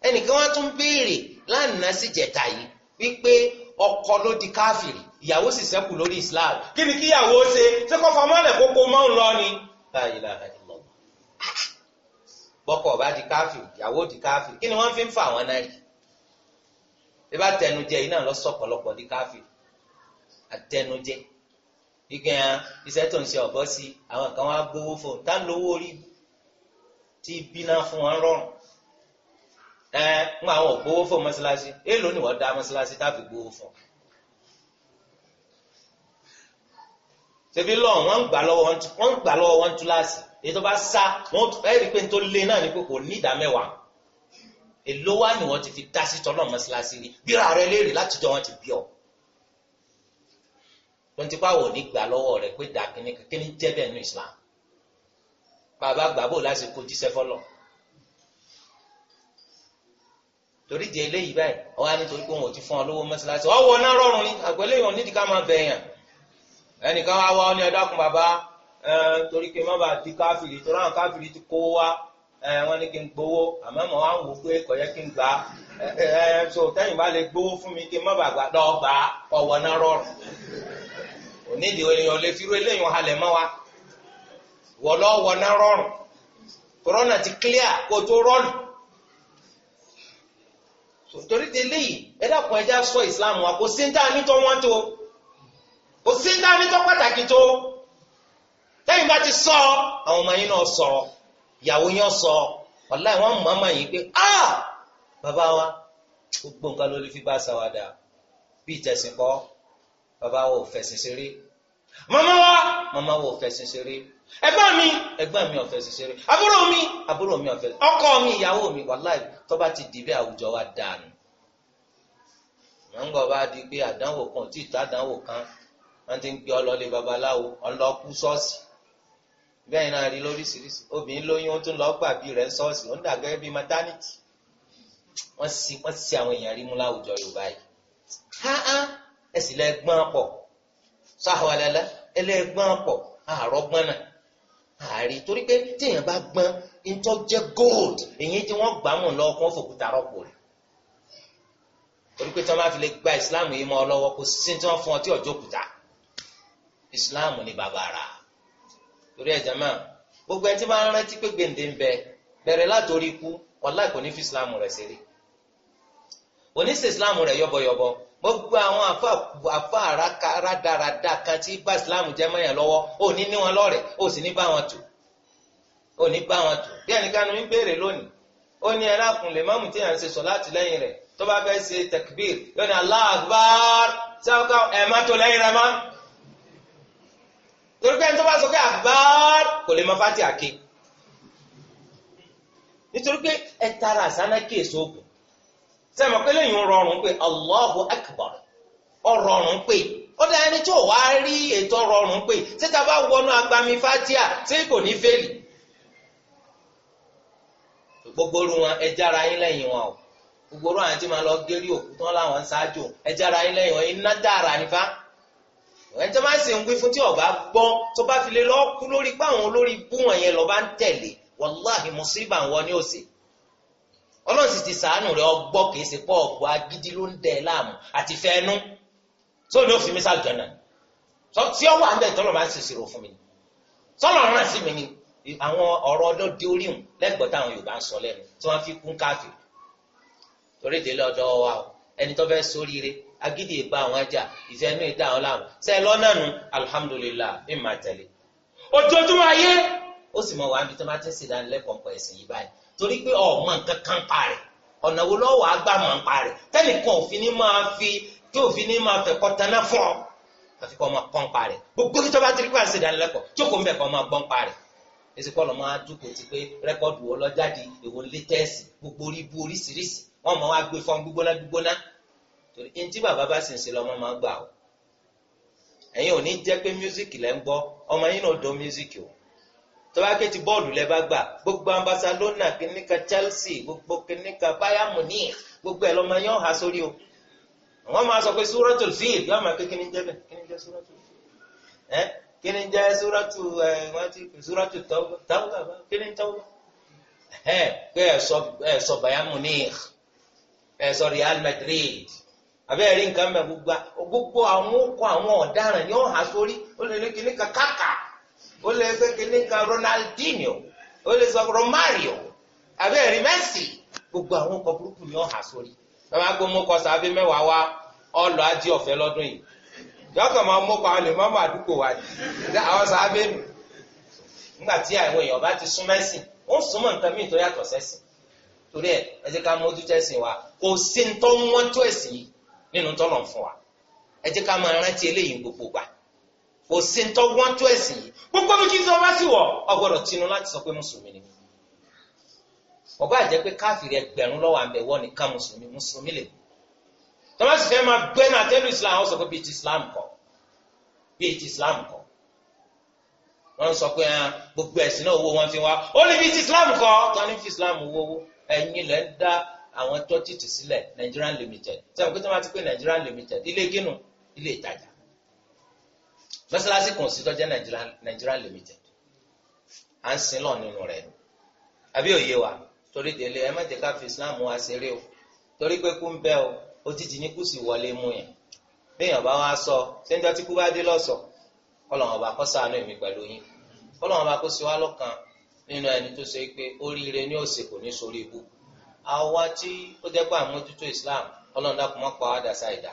ẹnìkan wá tún béèrè lánàá sí jẹ̀ta yìí wípé ọkọ ló di káfìrì ìyàwó sì sẹ́kù lórí islam kí ni kíyàwó ṣe ṣé kọ́ fọmọ́lẹ̀ kókó mọ́ ń lọ ni. bọ́kọ̀ ọba di káfíìn ìyàwó di káfíìn kí ni wọ́n fi ń fa àwọn náà yìí. bí bá tẹnujẹ iná lọ sọ ọ̀pọ̀lọpọ̀ di káfíìn àtẹnujẹ gbígbẹ́ iṣẹ́ tó ń ṣe ọ̀bọ sí àwọn kan wá gbowó fún un tá lówó orí tí bínà fún wọn rọrùn ẹ ń àwọn ògbówó fún mọ́ṣáláṣí èèlò ni wọ́n dá mọ́ṣáláṣí tá fi gbowó fún un. ṣebí lọ wọ́n ń gbà lọ́wọ́ wọ́n ń gbà lọ́wọ́ wọ́n ń tú láàsì èyí tó bá sá wọ́n fẹ́ẹ́ rí pé n lé náà ni pé kò ní ìdá èló wá ni wọ́n ti fi dá sí tọ́lọ́ mọ́ṣáláṣí rí bíra rẹ léèrè látijọ́ wọ́n ti bí ọ. wọ́n ti pàwọ̀ ní gbà lọ́wọ́ rẹ pé dà kíní kíní jẹ́ bẹ́ẹ̀ nù Islam bàbá gbàbò láti kó jíṣẹ́ fọlọ́ torí di eléyìí báyìí ọwọ́ á pé wọn ò ti fún ọ lówó mọ́ṣáláṣí ọwọ́ náà rọrùn ni àgbẹ̀lẹ́yìn ò ká máa bẹ̀yàn ẹnìkan wá wá ọ ní ẹ bàbá torí kí n má bàa di káfìrí torí àwọn káfìrí ti kó wá wọ́n ní kí n gbowó àmọ́ mọ̀ wá ń wò pé kò yẹ kí n gbà á so tẹ́yìn bá lè gbowó fún mi kí n má bàa gbà lọ gbà á náà rọrùn onídìí lè fi eléyìí halẹ̀ mọ́ wa wọ́ lọ́wọ́ náà rọrùn kòrónà ti clear kó tó rọrùn torí ti kò sí dání tó pàtàkì tó tẹ́yìn bá ti sọ àwọn ọmọ yín náà sọ ìyàwó yín sọ ọ̀la ìwọ̀n mọ̀ ọmọ pé a ah, bàbá wa gbogbo nǹkan ló lè fi bá ṣàwádà bí ìtẹ̀sìn kọ́ bàbá wa ò fẹ̀sìn ṣeré màmá wa màmá wa ò fẹ̀sìn mi ẹ̀gbọ́n mi ò fẹ̀sìn ṣeré àbúrò mi àbúrò mi ò fẹ̀sìn ọkọ mi ìyàwó mi tó bá ti àwùjọ wa dànù mọ̀ ń gbọ́ di pé àdánwò kan tí àdánwò kan wọ́n ti ń gbé ọlọ́lé babaláwo ọlọ́kú ṣọ́ọ̀ṣì bẹ́ẹ̀ náà rí lóríṣiríṣi obìnrin lóyún ó tún lọ gbàbí rẹ̀ ṣọ́ọ̀ṣì ó ń dàgbẹ́ bíi maternity wọ́n sì wọ́n sì àwọn èèyàn rí mú láwùjọ Yorùbá yìí háà ẹ̀sìn lẹ́gbọ́n pọ̀ sáhọ́lẹ́lẹ́ ẹlẹ́gbọ́n pọ̀ àárọ̀ gbọ́n náà àárí torí pé téèyàn bá gbọ́n ntọ́ jẹ́ gold èyí tí wọ́n gbà mọ̀ lọ́wọ́ kó fòkúta rọ́pò rẹ̀ torí pé tí wọ́n bá fi lè gba ìsìláàmù yìí mọ́ ọ lọ́wọ́ kò sí tí wọ́n fún ọ tí ọjọ́ kùtà islam ní bàbá rà torí ẹ̀ jama gbogbo ẹni tí máa ń rántí pé gbèǹde ń bẹ bẹ̀rẹ̀ látòrí ikú wàláì kò ní fi islam rẹ̀ ṣeré oníṣẹ́ islam rẹ̀ yọ̀bọ̀yọ̀bọ̀ gbogbo àwọn àfa àfa àràkà rádaràda kan tí bá islam jẹ́ mọ́yàn lọ́wọ́ ò ní ní wọn lọ́rẹ̀ ò sì ní bá wọn tù ò ní bá wọn tù bí ẹnìkanu ń béèrè lónìí ó ní ẹ mọ́mù tí yàn ṣe sọ láti lẹ́yìn rẹ̀ tó bá fẹ́ ṣe takbir yóò ní Allahu Akbar ṣáká ẹ̀ má tó lẹ́yìn rẹ̀ má torí pé ẹni tó bá sọ pé akbar kò lè mọ fati àké nítorí pé ẹ tara àsánà kí èso ògùn sẹ́mi pé lẹ́yìn rọrùn pé allahu akbar ọ pé ó dá ẹni tí ò wá rí ètò rọrùn pé síta bá wọnú agbami fatia tí kò ní fẹ́lì gbogbo ru wọn ẹ jára yín wọn o gbogbo ru àwọn tí máa lọ òkú tán láwọn ṣáájú ẹ jára yín wọn iná dára nífa. ẹni bá sì ń wí fún tí ọba gbọ́ tó bá fi lè lọ kú lórí pé àwọn olórí bú wọn yẹn lọ́ba ń tẹ̀lé wàláhì mùsíbà wọn ni ó sì ọlọ́run sì ti sàánù rẹ ọgbọ́ kìí ṣe pọ̀ ọ̀pọ̀ agídí ló ń dẹ̀ láàmú àti fẹ́ẹ́nú tó ní òfin mi sàjọ́nà tí ó wà ń bẹ̀ tọ́lọ̀ máa ń ṣèṣirò fún mi tọ́lọ̀ rán sí mi ni àwọn ọ̀rọ̀ ọdọ́ di orí hùn lẹ́gbọ̀ọ́ táwọn Yorùbá ń sọ lẹ́nu tí wọ́n fi kún káàfì torí délé ọ̀dọ̀ wa ẹni tó fẹ́ sóríire agídí ìbá àwọn ajá ìsẹ́nu ìdá àwọn làwọn sẹ́ lọ́nà nu alhamdulillah ní màá tẹ̀lé ojoojúmọ́ ayé ó sì mọ̀ wá níbi tó máa ti ń ṣèdánilẹ́kọ̀ọ́ pẹ̀ ẹ̀sìn yìí báyìí torí pé ọmọ nǹkan kan pa rẹ̀ ọ̀nà wo lọ́wọ́ agbámọ̀ ń pa rẹ̀ tẹ́nìkan òfin ní máa fi tí òfin ní máa fẹ̀kọ́ taná fún ọ àfi kọ́ máa pọ́n pa rẹ̀ gbogbo tó bá ti rí pàṣẹ ìdánilẹ́kọ̀ọ́ jókòó ń bẹ̀ kọ́ máa gbọ́n pa rẹ̀ èsì kọ́ lọ́ máa dúkòó torí ẹni tí bàbá bá sì ń ṣe lọ́mọ máa gbà o ẹ̀yin ò ní jẹ́ pé mísíkì lẹ́ ń gbọ́ ọmọ yín náà dán mísíkì o tọ́ba ké ti bọ́ọ̀lù lẹ́ bá gbà gbogbo Barcelona kìnníkà Chelsea gbogbo kìnníkà Bayern Munich gbogbo ẹ̀ lọ́mọ yín ọ̀hà sórí o wọ́n máa sọ pé Suratul Fil yóò máa ké kíni jẹ́ bẹ́ẹ̀ kíni jẹ́ Suratul Fil ẹ́ kíni jẹ́ Suratu ẹ̀ wọ́n ti pè Suratu Tawba kíni Tawba ẹ̀ pé ẹ̀ sọ Bayern Munich ẹ̀ sọ Real Madrid abẹ́ rí nǹkan mẹ́ gbogbo gbogbo àwọn okọ̀ àwọn ọ̀daràn ni hà sórí ó lè ní kíní kan Kaka ó lè kíní Ronaldinho ó lè sọ Romario abẹ́ rí gbogbo àwọn okọ̀ burúkú ni hà sórí bàbá gbọ́ mọ́kọ sàbí mẹ́wàá wa ajé ọ̀fẹ́ lọ́dún yìí yọkọ̀ máa àwọn àdúgbò wa àwọn sàbí nù nígbà tí àwọn èèyàn bá ti sún ó nǹkan tó yàtọ̀ sẹ́sìn torí ẹ̀ nínú tọ́lọ̀ fún wa ẹ jẹ́ ká máa rántí eléyìí gbogbo gbà kò sí ń tọ́ wọ́n tó ẹ̀sìn yìí gbogbo mi kì í sọ bá sì wọ̀ ọgbọ́dọ̀ tinú láti sọ pé mùsùlùmí ni ọba àjẹ́ pé káfíìrì ẹgbẹ̀rún lọ́wọ́ àbẹ̀wọ́ nìkan mùsùlùmí mùsùlùmí lè tọ́lá sì fẹ́ máa gbẹ́ náà tẹ́lú islam wọ́n sọ pé bíi ti islam kọ́ bíi ti islam kọ́ wọ́n sọ pé ah, gbogbo ẹ̀sìn náà owó wọn fi wá ó lè bíi ti islam kọ́ tani fi islam wọ́wọ́ ẹ̀yin lẹ́ ń dá àwọn tó títì sílẹ̀ Nigerian limited sẹ́wọ̀n pé tí wọ́n ti pé Nigerian limited ilé gínú ilé ìtajà mọ́sálásí kan sí tọ́jẹ́ Nigerian limited à ń sin lọ nínú rẹ̀ àbí òye wa torí délé ẹ má jẹ́ ká fi Islam wá ṣeré o torí pé kú ń bẹ́ o òjijì ní kù sí wọlé mú yẹn béèyàn bá wá sọ ṣéńjọ́ tí kú bá dé lọ́sọ̀ Ọlọ́run ọba kó ṣàánú èmi pẹ̀lú yín Ọlọ́run ọba kó ṣe wá lọ́kàn nínú ẹni tó ṣe pé oríire ni ó ní sórí ibùkún àwa tí ó jẹ́ pé àmójútó Islam ọlọ́run dàpọ̀ mọ́ pa wádà ṣàìdá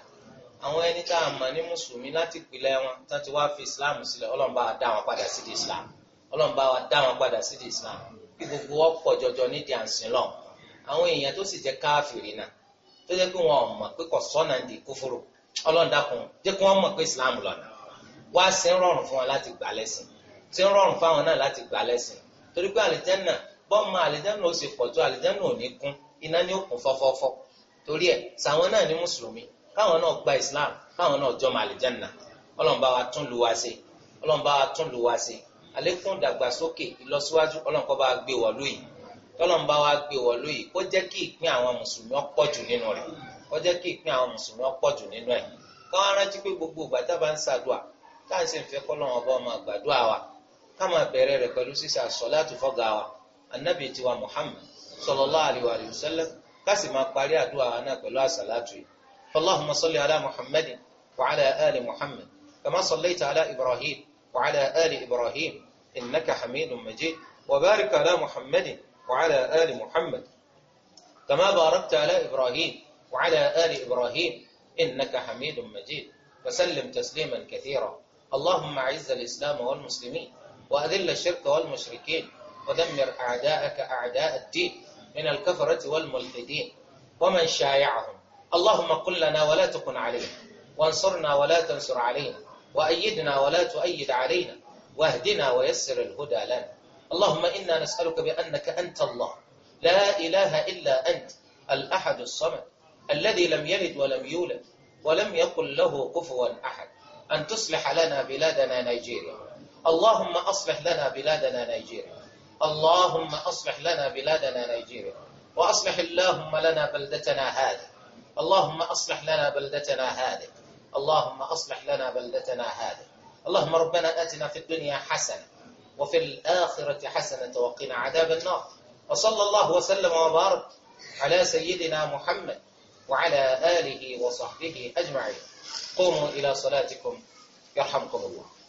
àwọn ẹni tá a mọ̀ ní mùsùlùmí láti pìlẹ̀ wọn tá ti wá fi Islam sílẹ̀ ọlọ́run bá wa dá wọn padà sí di Islam ọlọ́run bá wa dá wọn padà sí di Islam kí gbogbo wọn pọ̀ jọjọ nídìí àǹsìn lọ àwọn èèyàn tó sì jẹ́ káfìrì náà tó jẹ́ pé wọn ò mọ̀ pé kò sọ́nà di kúfúrú ọlọ́run jẹ́ kí wọ́n mọ̀ pé Islam lọ́nà wá sí ń rọrùn fún wọn láti gbà lẹ́sìn sí ń rọrùn fáwọn náà láti gbà lẹ́sìn torí pé àlìjẹ́nà bọ́ọ̀mù àlìjáná ó sì pọ̀ tó àlìjáná ò ní kún iná ní òkun fọ́fọ́fọ́ torí ẹ̀ sàwọn náà ní mùsùlùmí káwọn náà gba islam káwọn náà jọmọ àlìjáná ọlọ́nba wa tún lu wa ṣe ọlọ́nba wa tún lu wa ṣe àlékún ìdàgbàsókè ìlọsíwájú ọlọ́nkọ́ bá gbé wọ̀lú yìí tọ́lọ́nba wa gbé wọ̀lú yìí kó jẹ́ kí ìpín àwọn mùsùlùmí ọ̀pọ̀ nínú rẹ̀ kó jẹ́ kí ìpín àwọn mùsùlùmí ọ̀pọ̀ nínú ẹ̀ káwọn arántí pé gbogbo ìgbà tá a bá ń ṣàdúà táà ń sì ń fẹ́ kọ́ lọ́wọ́ ọba ọmọ àgbàdua wa ká máa bẹ̀rẹ̀ rẹ̀ pẹ̀lú ṣíṣe àsọ̀látù fọ́gà wa anabi wa muhammad sallallahu alaihi wa sallam kásì ma parí àdúrà wa náà pẹ̀lú àsàlátù yìí allahumma salli ala muhammadin wa ala ali muhammad kama sallaita ala ibrahim wa ala ali ibrahim innaka hamidun majid wa barik ala muhammadin wa ala ali muhammad kama barakta ala ibrahim wa ala ali ibrahim innaka hamidun majid وسلم تسليما كثيرا اللهم اعز الاسلام والمسلمين واذل الشرك والمشركين ودمر أعداءك أعداء الدين من الكفرة والملحدين ومن شايعهم اللهم قل لنا ولا تكن علينا وانصرنا ولا تنصر علينا وأيدنا ولا تؤيد علينا واهدنا ويسر الهدى لنا اللهم إنا نسألك بأنك أنت الله لا إله إلا أنت الأحد الصمد الذي لم يلد ولم يولد ولم يقل له كفوا أحد أن تصلح لنا بلادنا نيجيريا اللهم أصلح لنا بلادنا نيجيريا اللهم أصلح لنا بلادنا نيجيريا وأصلح اللهم لنا بلدتنا هذه اللهم أصلح لنا بلدتنا هذه اللهم أصلح لنا بلدتنا هذه اللهم ربنا آتنا في الدنيا حسنة وفي الآخرة حسنة وقنا عذاب النار وصلى الله وسلم وبارك على سيدنا محمد وعلى آله وصحبه أجمعين قوموا إلى صلاتكم يرحمكم الله